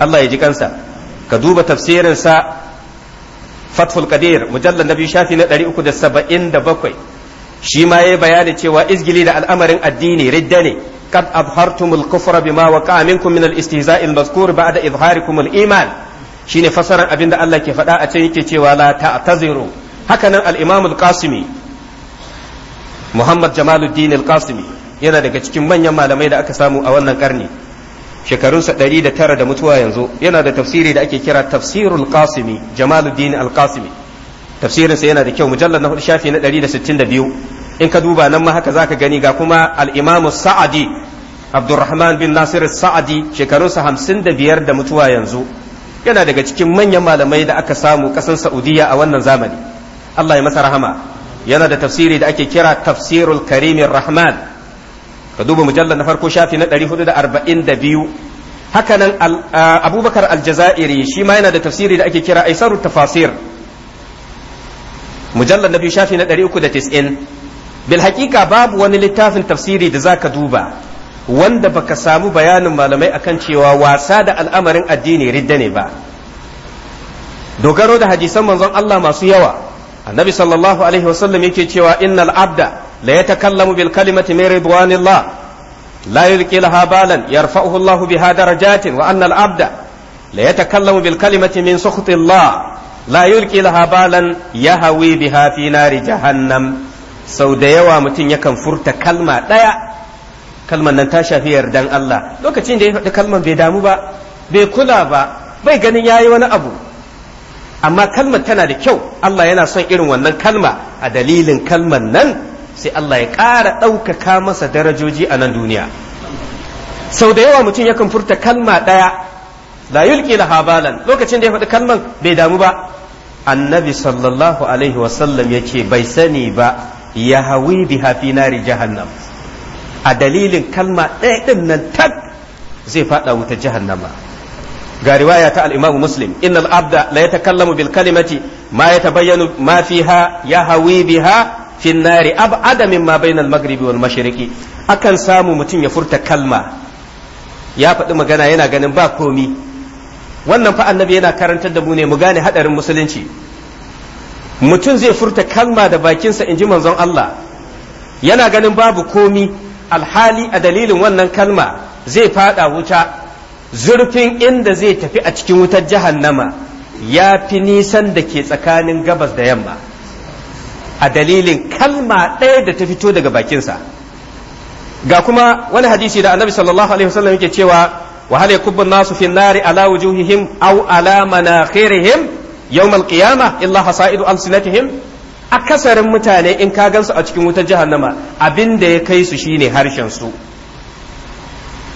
allah ya ji kansa ka duba tafsirinsa fathul qadir mujallar na biyu shafi na 377 shi ma yayi bayani cewa izgili da al'amarin addini ridda ne kad abhartumul kufra bima waqa minkum min al-istihza'i al-mazkur ba'da idharikum al-iman shine fasaran abinda Allah ke faɗa a can yake cewa la ta'taziru hakanan al-imam al-qasimi Muhammad Jamaluddin al-Qasimi yana daga cikin manyan malamai da aka samu a wannan karni shekarunsa ɗari da tara da mutuwa yanzu yana da tafsiri da ake kira tafsirul qasimi Jamaluddin al-Qasimi tafsirin sa yana da kyau mujallar na hudu shafi na 162 in ka duba nan ma haka zaka gani ga kuma al imamu Sa'adi Abdurrahman bin Nasir Sa'adi shekarunsa 55 da mutuwa yanzu yana daga cikin manyan malamai da aka samu kasan Saudiya a wannan zamani Allah ya masa rahama yana da tafsiri da ake kira tafsirul karimin rahman ka duba mujallar na farko shafi na 442 hakanan abubakar aljazairi shi ma yana da tafsiri da ake kira aisaru tafasir mujallar na biyu shafi na 390 bil haƙiƙa babu wani littafin tafsiri da zaka duba wanda baka samu bayanin malamai akan cewa wasa da al'amarin addini ridda ne ba dogaro da hadisan manzon Allah masu yawa annabi sallallahu alaihi wasallam yake cewa innal abda la yatakallamu bil kalimati min ridwanillah la yulqi laha balan yarfa'uhu biha darajatin wa annal abda la yatakallamu bil kalimati min sukhtillah la yulqi habalan hawi biha fi nari jahannam sau da yawa mutum yakan furta kalma ɗaya kalman nan ta shafi yardan Allah lokacin da ya faɗi kalman bai damu ba bai kula ba bai ganin yayi wani abu amma kalmar tana da kyau Allah yana son irin wannan kalma a dalilin kalman nan sai Allah ya ƙara ɗaukaka masa darajoji a nan duniya sau da yawa mutum yakan furta kalma ɗaya la yulqi laha lokacin da ya faɗi kalman bai damu ba annabi sallallahu alaihi wasallam ya ce bai sani ba ya hawi biha fi nari a dalilin kalma ɗaya ɗin nan tak zai faɗa wuta jahannama ga riwaya ta al-Imam Muslim innal abda la kallamu bil kalimati ma bayyanu ma fiha ya hawi biha fi nari ab'ada mimma bainal maghribi wal mashriqi akan samu mutum ya furta kalma ya faɗi magana yana ganin ba komi wannan fa annabi yana karantar da mu ne mu gane haɗarin musulunci mutum zai furta kalma da bakinsa in ji manzon Allah yana ganin babu komi alhali a dalilin wannan kalma zai fada wuta zurfin inda zai tafi a cikin wutar jahannama ya fi nisan da ke tsakanin gabas da yamma a dalilin kalma ɗaya da ta fito daga bakinsa ga kuma wani hadisi da annabi sallallahu alaihi wasallam yake cewa wa hal yakubbu an-nasu fi an-nari ala wujuhihim aw ala manakhirihim yawm al-qiyamah illa hasaidu alsinatihim akasarin mutane in ka gansu a cikin wutar jahannama abin da ya kai su shine harshen su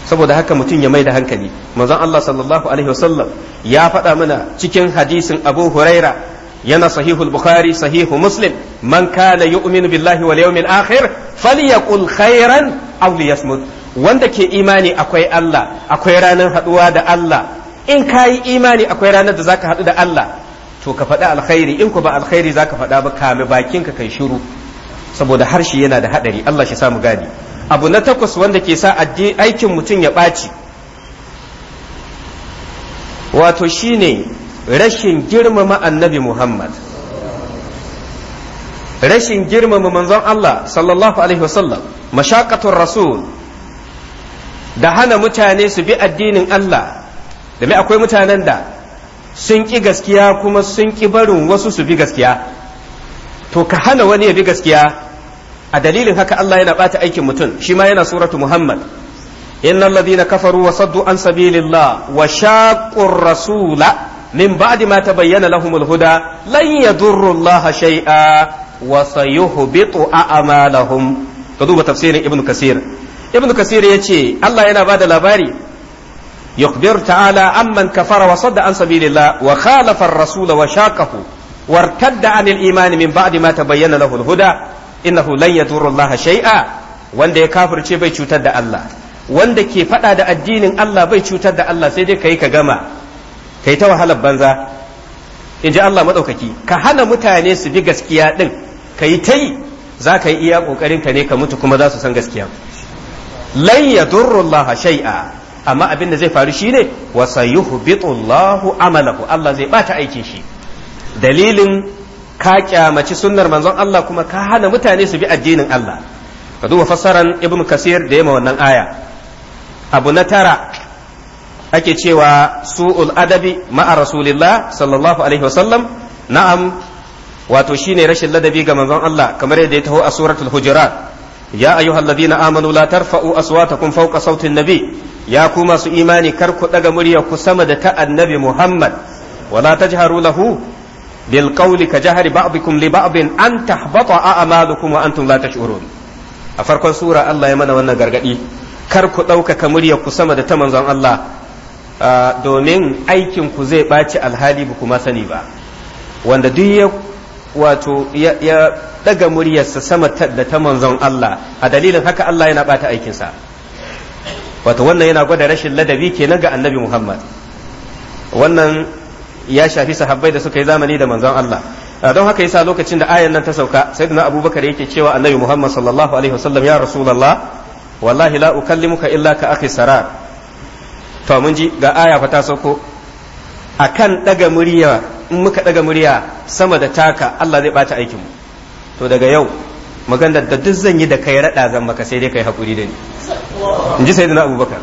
saboda haka mutum ya mai da hankali manzon Allah sallallahu alaihi wasallam ya faɗa mana cikin hadisin Abu Huraira yana sahihul Bukhari sahihu Muslim man kana yu'minu billahi wal yawmil akhir falyaqul khairan aw liyasmut wanda ke imani akwai Allah akwai ranar haɗuwa da Allah in ka yi imani akwai ranar da zaka haɗu da Allah to ka faɗi alkhairi in ku ba alkhairi zaka faɗa ba kame bakinka kai shiru saboda harshe yana da haɗari Allah shi mu gadi abu na takwas wanda ke sa aikin mutum ya ɓaci wato shine rashin girmama annabi Muhammad rashin girmama manzon Allah sallallahu alaihi wasallam mashaqatul rasul da hana mutane su bi addinin Allah da mai akwai mutanen da sun ƙi gaskiya kuma sun ƙi barin wasu su bi gaskiya to ka hana wani ya bi gaskiya a dalilin haka Allah yana ɓata aikin mutum shi ma yana suratu Muhammad innal ladina kafaru wa saddu an sabilillah wa shaqqur rasula min ba'di ma tabayyana lahumul huda lan yadurru Allah shay'a wa sayuhbitu a'malahum ka duba tafsirin ibnu kasir ibnu kasir ya ce Allah yana bada da labari yukhbir ta'ala amman kafara wa sadda an sabilillah wa khalafa ar-rasul wa shaqahu wartadda anil iman min ba'di ma tabayyana lahu al-huda innahu lan yadurra Allah shay'a wanda ya kafirce bai cutar da Allah wanda ke faɗa da addinin Allah bai cutar da Allah sai dai kai ka gama kai ta wahalar banza in ji Allah maɗaukaki ka hana mutane su bi gaskiya ɗin ka yi ta yi za ka yi iya ƙoƙarinka ne ka mutu kuma za su san gaskiya lan yadurru Allah shay'a amma abin da zai faru shine wa sayuhbitu Allah amalahu Allah zai bata aikin shi dalilin ka kyamaci sunnar manzon Allah kuma ka hana mutane su bi addinin Allah ka duba fassaran ibnu kasir da yamma wannan aya abu na tara ake cewa su'ul adabi ma'a rasulillah sallallahu alaihi wasallam na'am wato shine rashin ladabi ga manzon Allah kamar yadda ya taho a suratul hujurat ya ayyuhal ladina amanu la tarfa'u aswatakum fauka sautin nabi ya ku masu imani kar ku daga murya sama da ta annabi muhammad wala tajharu lahu bil qawli ka jahri ba'dikum li ba'din an tahbata a'malukum wa antum la tash'urun a farkon sura Allah ya mana wannan gargadi kar ku ɗaukaka muryarku sama da ta manzon Allah domin aikin ku zai ɓaci alhali ba kuma sani ba wanda duk ya wato ya daga muryarsa sama da ta manzon Allah a dalilin haka Allah yana bata aikinsa wato wannan yana gwada rashin ladabi kenan ga annabi Muhammad wannan ya shafi sahabbai da suka yi zamani da manzon Allah don haka yasa lokacin da ayan nan ta sauka na abubakar yake cewa annabi Muhammad sallallahu alaihi wasallam ya rasulullah wallahi la ukallimuka illa ka akhi sarar to mun ji ga aya fa ta sauko akan daga murya in muka daga murya sama da taka Allah zai bata aikin mu to daga yau maganar da duk zan yi da kai rada zan maka sai dai kai hakuri da ni in ji sayyidina Abubakar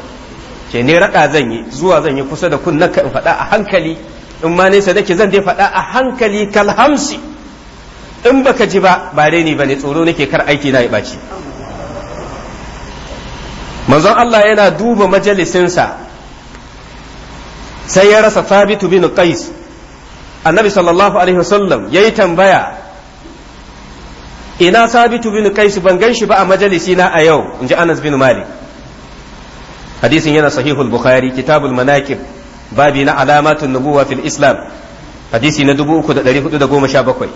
ke ne rada zan yi zuwa zan yi kusa da kunnan ka in faɗa a hankali in ma nesa nake zan dai faɗa a hankali kalhamsi in baka ji ba ba ni bane tsoro nake kar aiki na yi baci manzon Allah yana duba majalisinsa sai ya rasa Thabitu bin Qais annabi sallallahu alaihi wasallam yayi tambaya ina sabitu bin kaisu ban gan shi ba a majalisi a yau in ji anas bin malik hadisin yana sahihul bukhari kitabul manakib babi na alamatun nubuwa fil islam hadisi na 3417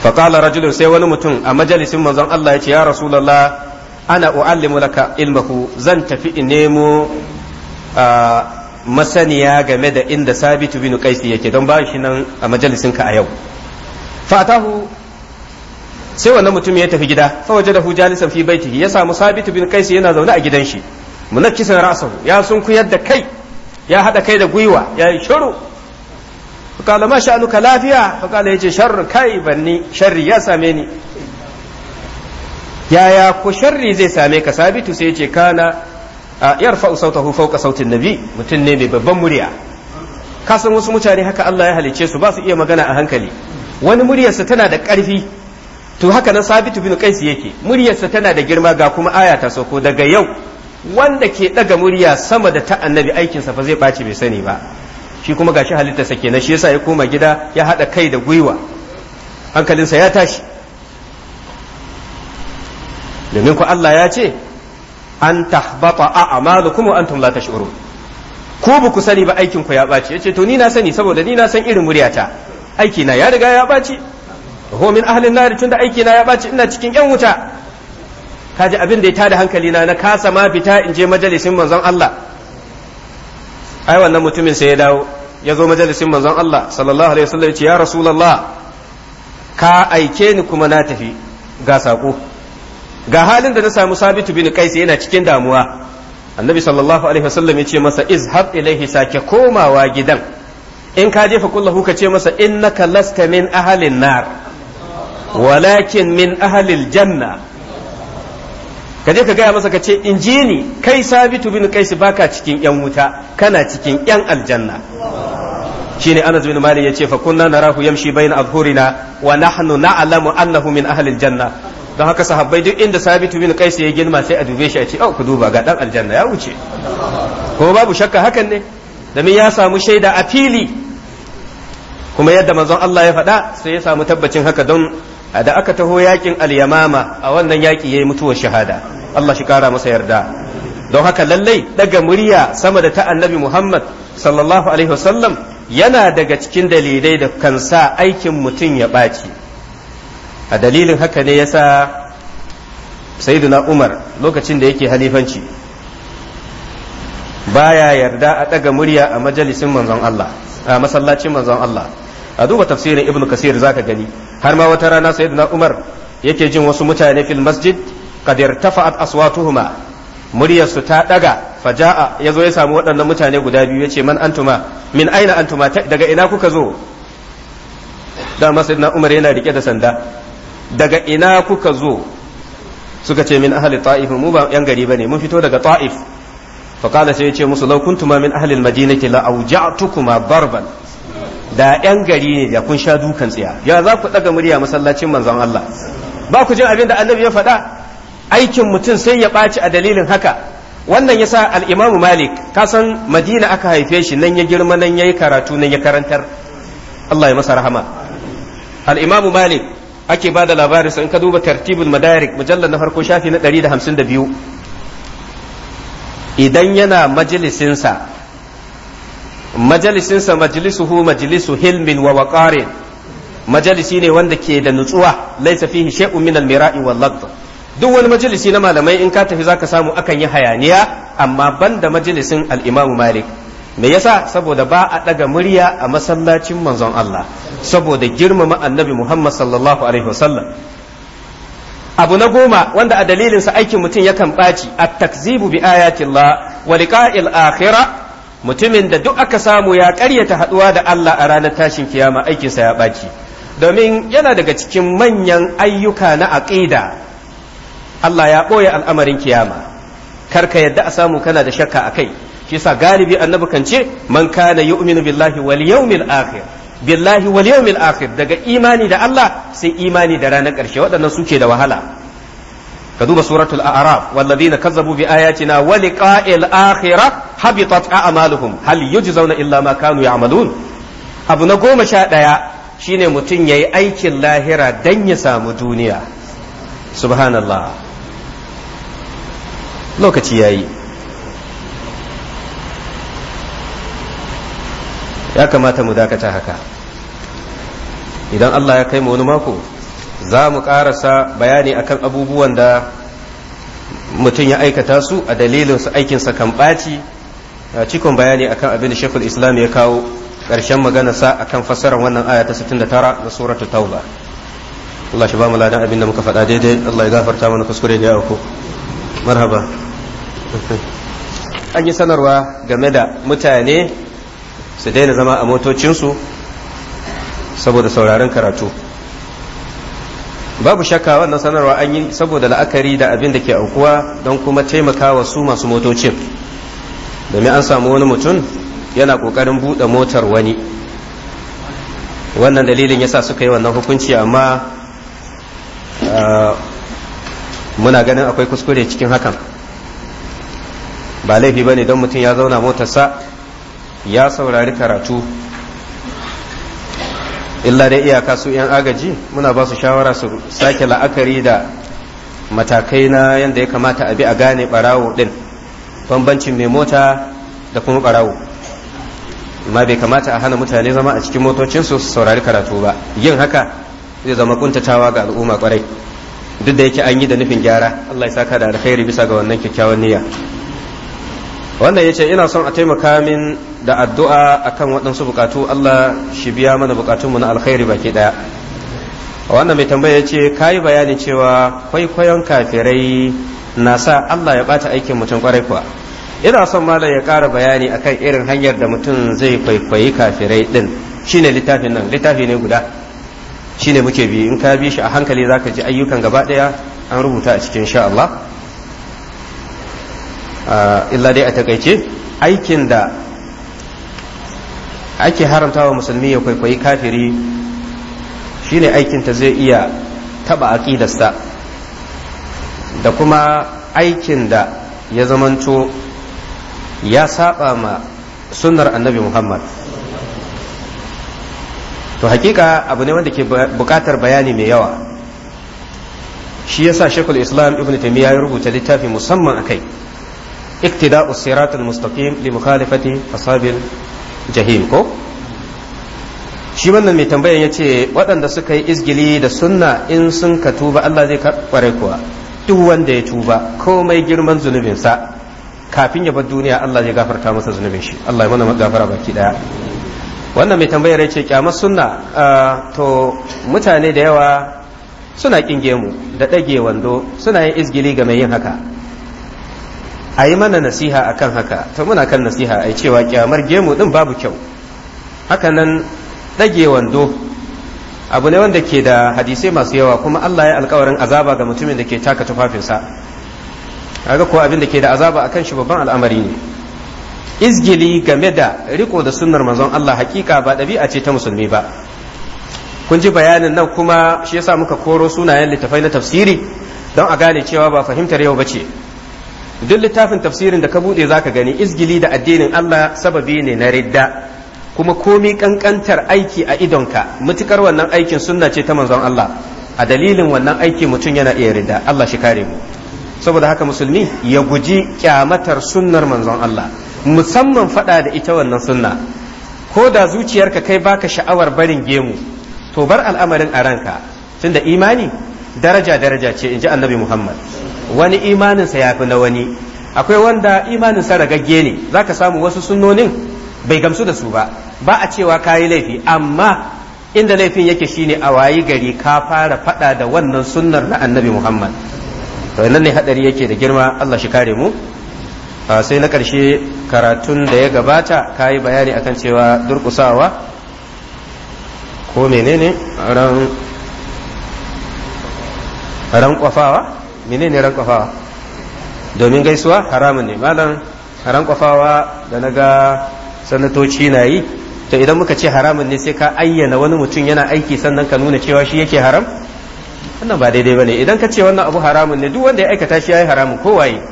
فقال رجل sai wani mutum a majalisin manzon Allah ya ce ya rasulullah ana uallimu laka ilmahu zan tafi in nemo ah, masaniya game da inda sabitu bin Kaisi yake don ba shi nan a majalisin a yau fatahu sai wannan mutum ya tafi gida fa wajadahu jalisan fi baitihi ya samu sabitu bin Kaisi yana zaune a gidan shi munakkisan ra'sahu ya sunkuyar da kai ya hada kai da gwiwa ya yi shiru فقال ya شأنك لافيا فقال يجي شر same بني شر يا ساميني يا zai same ka Sabitu sai ثابت سيجي kana yarfa'u sautahu fawqa sautin nabi mutum ne mai babban murya kasan wasu mutane haka Allah ya halice su ba su iya magana a hankali wani muryarsa tana da ƙarfi to haka na sabitu bin qais yake muryarsa tana da girma ga kuma aya ta sauko daga yau wanda ke daga murya sama da ta annabi aikinsa fa zai baci bai sani ba shi kuma gashi halittarsa kenan shi yasa ya koma gida ya haɗa kai da gwiwa hankalinsa ya tashi domin ku Allah ya ce an tahbata a'malukum wa antum la tashuru ko ba ku sani ba aikin ku ya ɓaci yace to ni na sani saboda ni na san irin muryata aiki na ya riga ya ɓaci ho min ahlin nari tunda aiki na ya ɓaci ina cikin yan wuta kaji abin da ya tada hankali na na kasa ma fita in je majalisin manzon Allah ai wannan mutumin sai ya dawo ya zo majalisin manzon Allah sallallahu alaihi wasallam ya ce ya rasulullah ka aike ni kuma na tafi ga sako ga halin da na samu sabitu bin qais yana cikin damuwa annabi sallallahu alaihi wasallam ya ce masa izhab ilaihi sake komawa gidan in ka jefa kullahu ka ce masa innaka lasta min ahalin nar walakin min ahalil janna ka je ka gaya masa ka ce in ji ni kai sabitu bin qais baka cikin yan wuta kana cikin yan aljanna shine Anas bin Malik yace fa kunna narahu yamshi baina adhurina wa nahnu na'lamu annahu min ahlil janna don haka sahabbai duk inda sabitu bin qais ya girma sai a dube shi a ce oh ku duba ga dan aljanna ya wuce kuma babu shakka hakan ne domin ya samu shaida a fili kuma yadda manzon Allah ya faɗa sai ya samu tabbacin haka don da aka taho yakin al-yamama a wannan yaki yayi mutuwar shahada Allah shi kara masa yarda don haka lallai daga murya sama da ta annabi Muhammad sallallahu alaihi wasallam yana daga cikin dalilai da kan sa aikin mutum ya ɓaci a dalilin haka ne yasa sayyiduna umar lokacin da yake halifanci baya yarda a ɗaga murya a majalisin manzon Allah a masallacin manzon Allah a duba tafsirin ibnu kasir zaka gani har ma wata rana sayyiduna umar yake jin wasu mutane fil masjid qad irtafa'at aswatuhuma muryarsu ta daga faja'a yazo ya samu waɗannan mutane guda biyu yace man antuma min aina antuma daga ina kuka zo dama sayyidina umar yana rike da sanda daga ina kuka zo suka ce min ahli ta'if mu ba yan gari bane mun fito daga ta'if fa sai ya ce musu law kuntuma min ahli al-madinati la auja'tukuma barban da yan gari ne da kun sha dukan tsiya ya za ku daga murya masallacin manzon Allah ba ku jin abin da annabi ya faɗa aikin mutum sai ya ɓaci a dalilin haka wannan yasa al-imamu malik kasan madina aka haife shi nan ya girma nan ya yi karatu nan ya karantar Allah ya masa rahama al-imamu malik ake ba da labarin in ka duba tartibul madarik mujallar na farko shafi na 152 idan yana majalisinsa majalisinsa majalisuhu majalisu hilmin wa waqarin majalisi ne wanda ke da nutsuwa laisa fihi shay'un min al-mira'i wal duk wani majalisi na malamai in ka tafi zaka samu akan yi hayaniya amma banda majalisin al imamu Malik me yasa saboda ba a daga murya a masallacin manzon Allah saboda girmama annabi Muhammad sallallahu alaihi wasallam abu na goma wanda a dalilin sa aikin mutum yakan ɓaci at takzibu bi ayatillah wa liqa'il akhirah mutumin da duk aka samu ya karyata haduwa da Allah a ranar tashin kiyama aikinsa ya baci domin yana daga cikin manyan ayyuka na aqida Allah ya ɓoye al'amarin kiyama karka yadda a samu kana da shakka a kai Kisa galibi annabi kan ce man kana yu'minu billahi wal yawmil akhir billahi wal yawmil akhir daga imani da Allah sai imani da ranar ƙarshe waɗannan suke da wahala ka duba suratul a'raf walladhina kazzabu bi ayatina wa liqa'il akhirah habitat a'maluhum hal yujzauna illa ma kanu ya'malun abu na goma sha ɗaya shine mutum yayi aikin lahira dan ya samu duniya subhanallah lokaci yayi ya kamata mu dakata haka idan Allah ya kai mu wani mako za mu ƙarasa bayani akan abubuwan da mutum ya aikata su a dalilin su aikinsa kan ɓaci cikon bayani akan abin da shekul islam ya kawo ƙarshen maganarsa akan fassarar wannan aya ta 69 na suratul tauba Allah shi ba mu ladan abin da muka faɗa daidai Allah ya gafarta mana kuskure da yawa ko marhaba an yi sanarwa game da mutane su daina zama a motocinsu saboda sauraron karatu babu shakka wannan sanarwa an yi saboda la'akari da abin da ke aukuwa don kuma taimakawa su masu motocin domin an samu wani mutum yana kokarin buɗe motar wani wannan dalilin yasa suka yi wannan hukunci amma ah, muna ganin akwai kuskure cikin hakan ba laifi ba ne don mutum ya zauna motarsa ya saurari karatu illa dai iyaka su 'yan agaji muna ba su shawara su sake la'akari da matakai na yadda ya kamata a bi a gane barawo din bambancin mai mota da kuma barawo amma bai kamata a hana mutane zama a cikin motocinsu su saurari karatu ba yin haka zai zama kuntatawa ga al'umma kwarai duk da yake an yi da nufin gyara Allah ya saka da alkhairi bisa ga wannan kyakkyawan niyya wannan ya ce ina son a taimaka min da addu'a akan waɗansu bukatu Allah shi biya mana bukatunmu na alkhairi baki ɗaya wannan mai tambaya ya ce ka yi bayani cewa kwaikwayon kafirai na sa Allah ya ɓata aikin mutum kwarai kuwa ina son malam ya ƙara bayani akan irin hanyar da mutum zai kwaikwayi kafirai ɗin shine littafin nan littafi ne guda shine muke bi in ka bi shi a hankali zaka ji ayyukan gaba ɗaya an rubuta a cikin sha Allah illa dai a takaice aikin da ake haramta wa musulmi ya kwaikwayi kafiri shine ta zai iya taba aƙidarsa da kuma aikin da ya zamanto ya saba ma sunnar annabi muhammad to hakika abu ne wanda ke bukatar bayani mai yawa shi yasa shekul islam ibn taimiyya ya rubuta littafi musamman a kai iktida'u siratul mustaqim li mukhalifati ashabil jahim ko shi wannan mai tambayan ya ce waɗanda suka yi izgili da sunna in sun ka tuba Allah zai kware kuwa duk wanda ya tuba komai girman zunubinsa kafin ya bar duniya Allah zai gafarta masa zunubin shi Allah ya mana gafara baki daya wannan mai tambayar ya ce kyamar sunna to mutane da yawa suna kin gemu da ɗage wando suna yin izgili ga mai yin haka a yi mana nasiha akan haka ta muna kan nasiha a cewa kyamar gemu din babu kyau hakanan ɗage wando abu ne wanda ke da hadisai masu yawa kuma Allah ya alkawarin azaba ga mutumin da ke taka tufafinsa kaga ko abin da ke da azaba akan shi babban al'amari ne izgili game da riko da sunnar manzon Allah hakika ba ɗabi'a ce ta musulmi ba kun ji bayanin nan kuma shi yasa muka koro sunayen littafai na tafsiri don a gane cewa ba fahimtar yau ba ce duk littafin tafsirin da ka bude zaka gani izgili da addinin Allah sababi ne na ridda kuma komi kankantar aiki a idonka mutukar wannan aikin sunna ce ta manzon Allah a dalilin wannan aiki mutum yana iya ridda Allah shi kare mu saboda haka musulmi ya guji kyamatar sunnar manzon Allah musamman fada da ita wannan sunna ko da zuciyarka kai baka sha'awar barin gemu to bar al'amarin a ranka tunda imani daraja daraja ce inji annabi Muhammad wani imaninsa ya fi na wani akwai wanda imaninsa ragagge ne za ka samu wasu sunnonin bai gamsu da su ba ba a cewa ka yi laifi amma inda laifin yake shine a wayi gari ka fara faɗa da wannan sunnar na annabi muhammad to nan ne hadari yake da girma allah shi kare mu sai na karshe karatun da ya gabata ka yi bayani akan cewa durkusawa ko menene ran kwafawa menene rankwafawa domin gaisuwa haramun ne malam rankwafawa da na ga sanatoci na yi to idan muka ce haramun ne sai ka ayyana wani mutum yana aiki sannan ka nuna cewa shi yake haram wannan ba daidai bane idan ka ce wannan abu haramun ne duk wanda ya aikata shi yayi haramun waye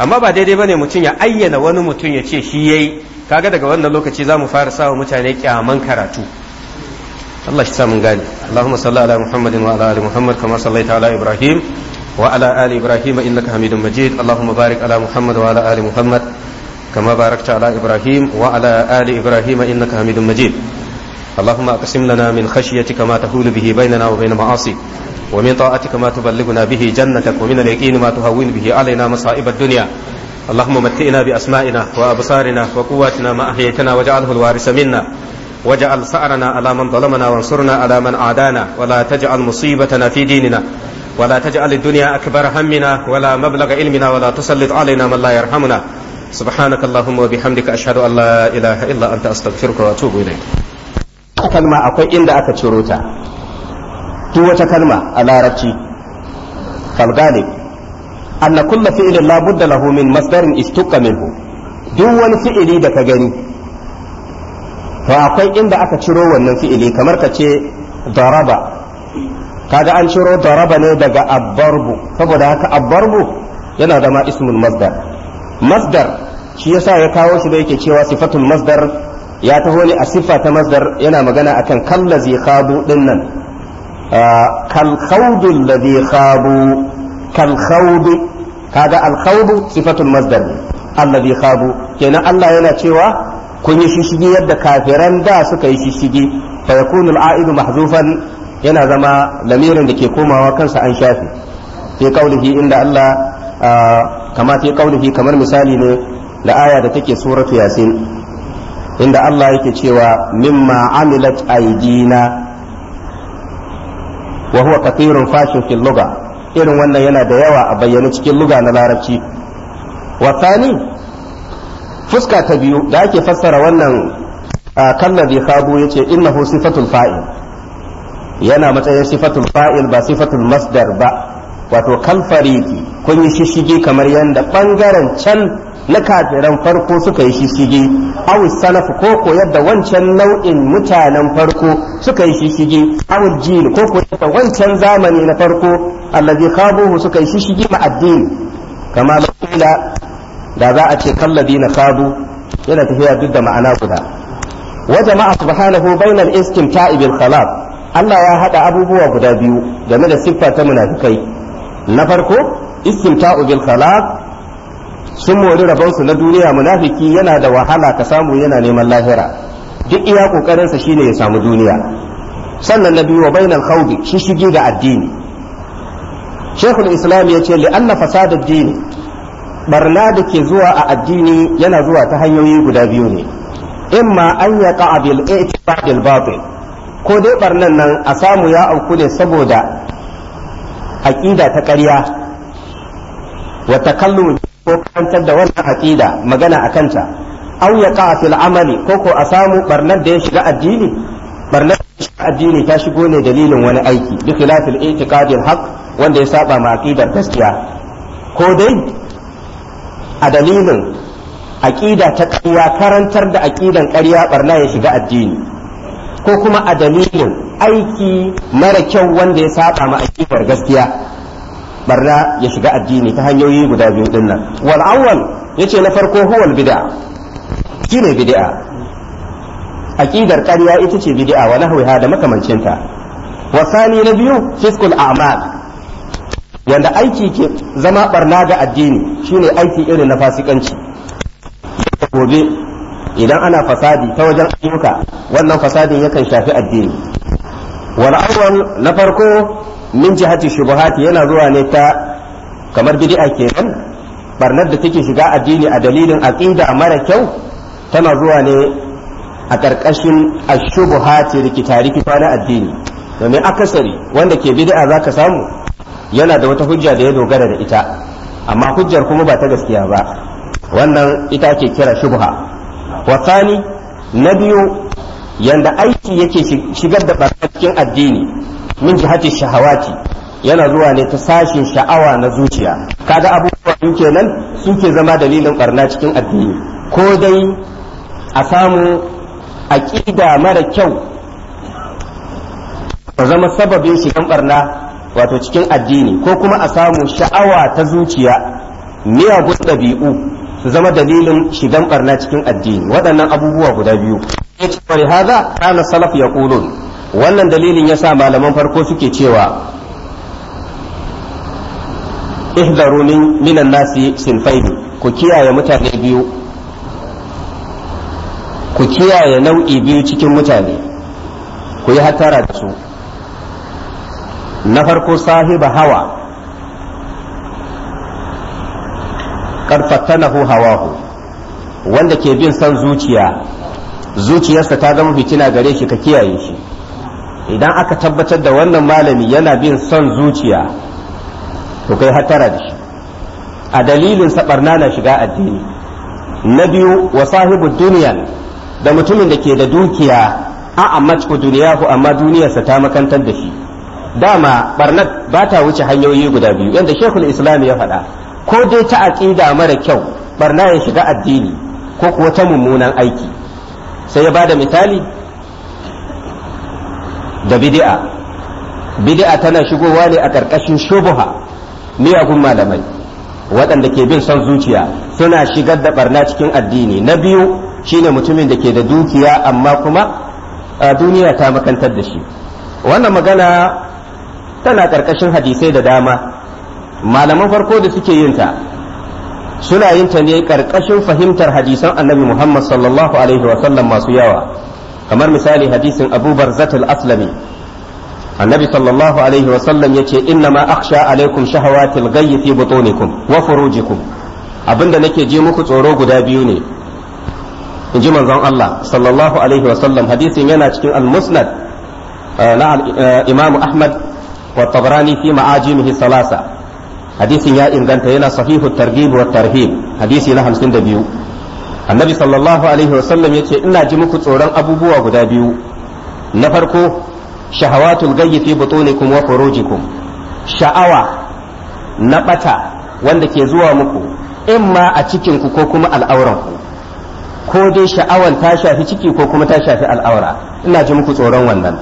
amma ba daidai bane mutum ya ayyana wani mutum ya ce shi yayi kaga daga wannan lokaci za mu fara sawa mutane kyaman karatu Allah shi sa mun gani Allahumma salli ala Muhammadin wa ala ali Muhammad kama sallaita ala Ibrahim وعلى آل إبراهيم إنك حميد مجيد اللهم بارك على محمد وعلى آل محمد كما باركت على إبراهيم وعلى آل إبراهيم إنك حميد مجيد اللهم أقسم لنا من خشيتك ما تحول به بيننا وبين معاصيك ومن طاعتك ما تبلغنا به جنتك ومن اليقين ما تهون به علينا مصائب الدنيا اللهم متئنا بأسمائنا وأبصارنا وقواتنا ما أحييتنا واجعله الوارث منا واجعل سعرنا على من ظلمنا وانصرنا على من عادانا ولا تجعل مصيبتنا في ديننا ولا تجعل الدنيا أكبر همنا ولا مبلغ علمنا ولا تسلط علينا من لا يرحمنا سبحانك اللهم وبحمدك أشهد أن لا إله إلا أنت أستغفرك وأتوب إليك kalma akwai inda aka ciro ta duk kalma a larabci kalgani anna kulla fi'lin la lahu min masdarin istuqqa minhu duk wani fi'ili da gani to akwai inda aka ciro wannan fi'ili kamar ka ce kaga an ciro daraba ne daga abbarbu saboda haka abbarbu yana zama ismul masdar masdar shi yasa ya kawo shi da yake cewa sifatul masdar ya taho ne a siffa masdar yana magana akan kallazi khabu dinnan ah, kal khawdu ladhi khabu kal khawdu kaga al khawdu sifatul masdar alladhi khabu kenan Allah yana cewa kun yi shishigi yadda kafiran da suka yi shishigi fa yakunu al aidu mahzufan yana zama lamirin da ke komawa kansa an shafe fi kaulihi inda Allah kama fi kaulihi kamar misali ne da aya da take suratu yasin inda Allah yake cewa mimma amilat aidina wa huwa katirun fashin fil luga irin wannan yana da yawa a bayyane cikin luga na larabci wa tani fuska ta biyu da ake fassara wannan kallabi khabu yace innahu sifatul fa'il yana matsayin sifatul fa'il ba sifatul masdar ba wato kalfariki kun yi shishigi kamar yadda bangaren can na kafiran farko suka yi shishigi awul salafu ko ko yadda wancan nau'in mutanen farko suka yi shishigi awul jil ko ko yadda wancan zamani na farko allazi khabuhu suka yi shishigi ma addini kama da za a ce kallabi na khabu yana tafiya duk da ma'ana guda wa jama'a subhanahu bainal istimta'i bil khalaq Allah ya haɗa abubuwa guda biyu game da siffa ta munafikai na farko istimta'u bil khalaq sun mori rabonsu na duniya munafiki yana da wahala ka samu yana neman lahira duk iya kokarinsa shine ya samu duniya sannan na biyu wa bainal khawdi shi shige da addini shekul islam ya ce li'anna fasadar dini barna da ke zuwa a addini yana zuwa ta hanyoyi guda biyu ne imma an yaqa bil i'tiqad al batil ko dai barnan nan a samu ya auku ne saboda aƙida ta ƙarya wa takallum ko kantar da wannan aƙida magana a kanta aw ya fil amali ko ko a samu barnar da ya shiga addini barnan da ya shiga addini ta shigo ne dalilin wani aiki bi khilafil i'tiqadil haqq wanda ya saba ma aqidar gaskiya ko dai a dalilin aƙida ta ƙarya karantar da aƙidan ƙarya barna ya shiga addini ko kuma a dalilin aiki mara kyau wanda ya saba ma aƙidar gaskiya barna ya shiga addini ta hanyoyi guda biyu din nan wal awwal yace na farko huwal bid'a shine bid'a aqidar ƙarya ita ce bid'a wa nahwiha da makamancinta wa sani na biyu fiskul a'mal yanda aiki ke zama barna ga addini shine aiki irin na fasikanci gobe idan ana fasadi ta wajen ayyuka wannan fasadin yakan shafi addini wal awwal na farko min jihati shubuhati yana zuwa ne ta kamar bid'a kenan barnar da take shiga addini a dalilin aqida mara kyau tana zuwa ne a ƙarƙashin ashubuhati rikita rikita na addini domin akasari wanda ke bid'a zaka samu yana da wata hujja da ya dogara da ita amma hujjar kuma ba ta gaskiya ba wannan ita ake kira shubha wasani na biyu yadda aiki yake shigar da barna cikin addini min jihati shahawati yana zuwa ne ta sashin sha'awa na zuciya kaga abubuwa biyu kenan suke zama dalilin barna cikin addini ko dai a samu aƙida mara kyau ta zama sababin shigan barna wato cikin addini ko kuma a samu sha'awa ta zuciya miyagun ɗabi'u su zama dalilin shigan barna cikin addini waɗannan abubuwa guda biyu yace bari haza kana salaf yaqulun wannan dalilin yasa malaman farko suke cewa ihdaru min minan nasi sinfaini ku kiyaye mutane biyu ku kiyaye nau'i biyu cikin mutane ku yi hattara da su na farko sahiba hawa tana hu hawahu wanda ke bin son zuciya zuciyarsa ta zama fitina gare shi ka kiyaye shi idan aka tabbatar da wannan malami yana bin son zuciya to kai hatara da shi a dalilin barna na shiga addini na biyu wa sahibu duniya da mutumin da ke da dukiya a duniya ku, amma duniyarsa ta makantar da shi dama barnat ba ta wuce hanyoyi guda biyu yadda shekul islam ya faɗa ko dai ta aqida mara kyau barna ya shiga addini ko kuwa ta mummunan aiki sai ya bada misali da bidi'a. bid'a tana shigowa ne a ƙarƙashin shubuha miyagun malamai waɗanda ke bin son zuciya suna shigar da barna cikin addini na biyu shine mutumin da ke da dukiya amma kuma a duniya ta makantar da shi wannan magana tana ƙarƙashin hadisai da dama malaman farko da suke yin ta suna yin ta ne karkashin fahimtar hadisan annabi Muhammad sallallahu alaihi wa sallam masu yawa kamar misali hadisin Abu Barzat aslami annabi sallallahu alaihi wa sallam yace inna ma akhsha alaikum shahawatil ghayyi fi butunikum wa furujikum abinda nake ji muku tsoro guda biyu ne in ji manzon Allah sallallahu alaihi wa sallam hadisin yana cikin al-musnad eh, na eh, imam Ahmad wa tabrani fi ma'ajimihi salasa hadisin ya inganta yana sahihu targhib wa tarhib hadisi na 52 annabi sallallahu alaihi wasallam yace ina ji muku tsoron abubuwa guda biyu na farko shahawatul ghayyi fi butunikum wa furujikum sha'awa na ɓata wanda ke zuwa muku imma a cikinku ku ko kuma al'auran ko dai sha'awan ta shafi ciki ko kuma ta shafi al'aura ina ji muku tsoron wannan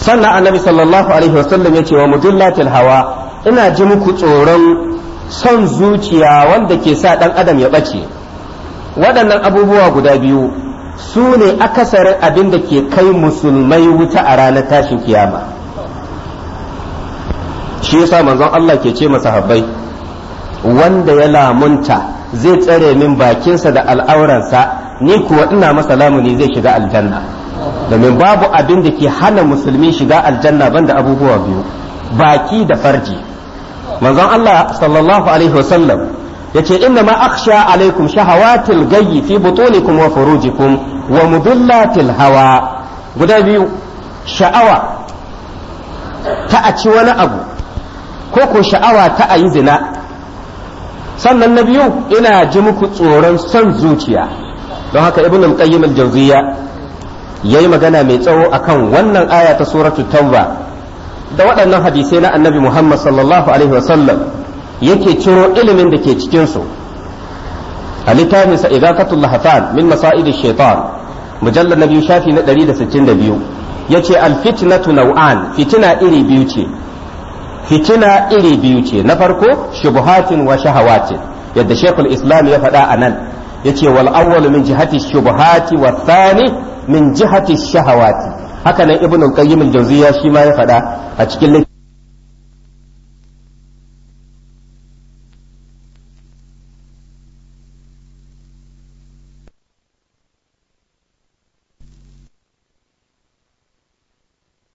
sannan annabi sallallahu alaihi wasallam yace wa mudillatil hawa ina ji muku tsoron son zuciya wanda ke sa ɗan adam ya ɓace waɗannan abubuwa guda biyu su ne akasarin abin da ke kai musulmai wuta a ranar tashin kiyama shi yasa manzon Allah ke ce masahabbai wanda ya lamunta zai tsare min bakinsa da al'auransa ni kuwa ina masa lamuni zai shiga aljanna domin babu abin da ke hana musulmi shiga aljanna banda abubuwa biyu baki da farji manzon Allah sallallahu alaihi wasallam yace inna ma akhsha alaikum shahawatil gayyi fi butunikum wa furujikum wa mudillatil hawa guda biyu sha'awa ta a ci wani abu ko ko sha'awa ta a yi zina sannan na biyu ina ji muku tsoron son zuciya don haka ibn al-qayyim al-jawziya yayi magana mai tsawo akan wannan aya ta suratul tauba da waɗannan hadisai na annabi Muhammad sallallahu alaihi wasallam yake ciro ilimin da ke cikinsu a littafinsa idakatul lahafan min masa'id shaitan mujallar na biyu shafi na 162 yace alfitnatu nau'an fitina iri biyu ce fitina iri biyu ce na farko shubuhatin wa shahawatin yadda shekul islam ya faɗa a nan yace wal awwal min jihati shubuhati wa thani min jihati shahawati haka nan ibnu qayyim al jawziyya shi ma ya faɗa a cikin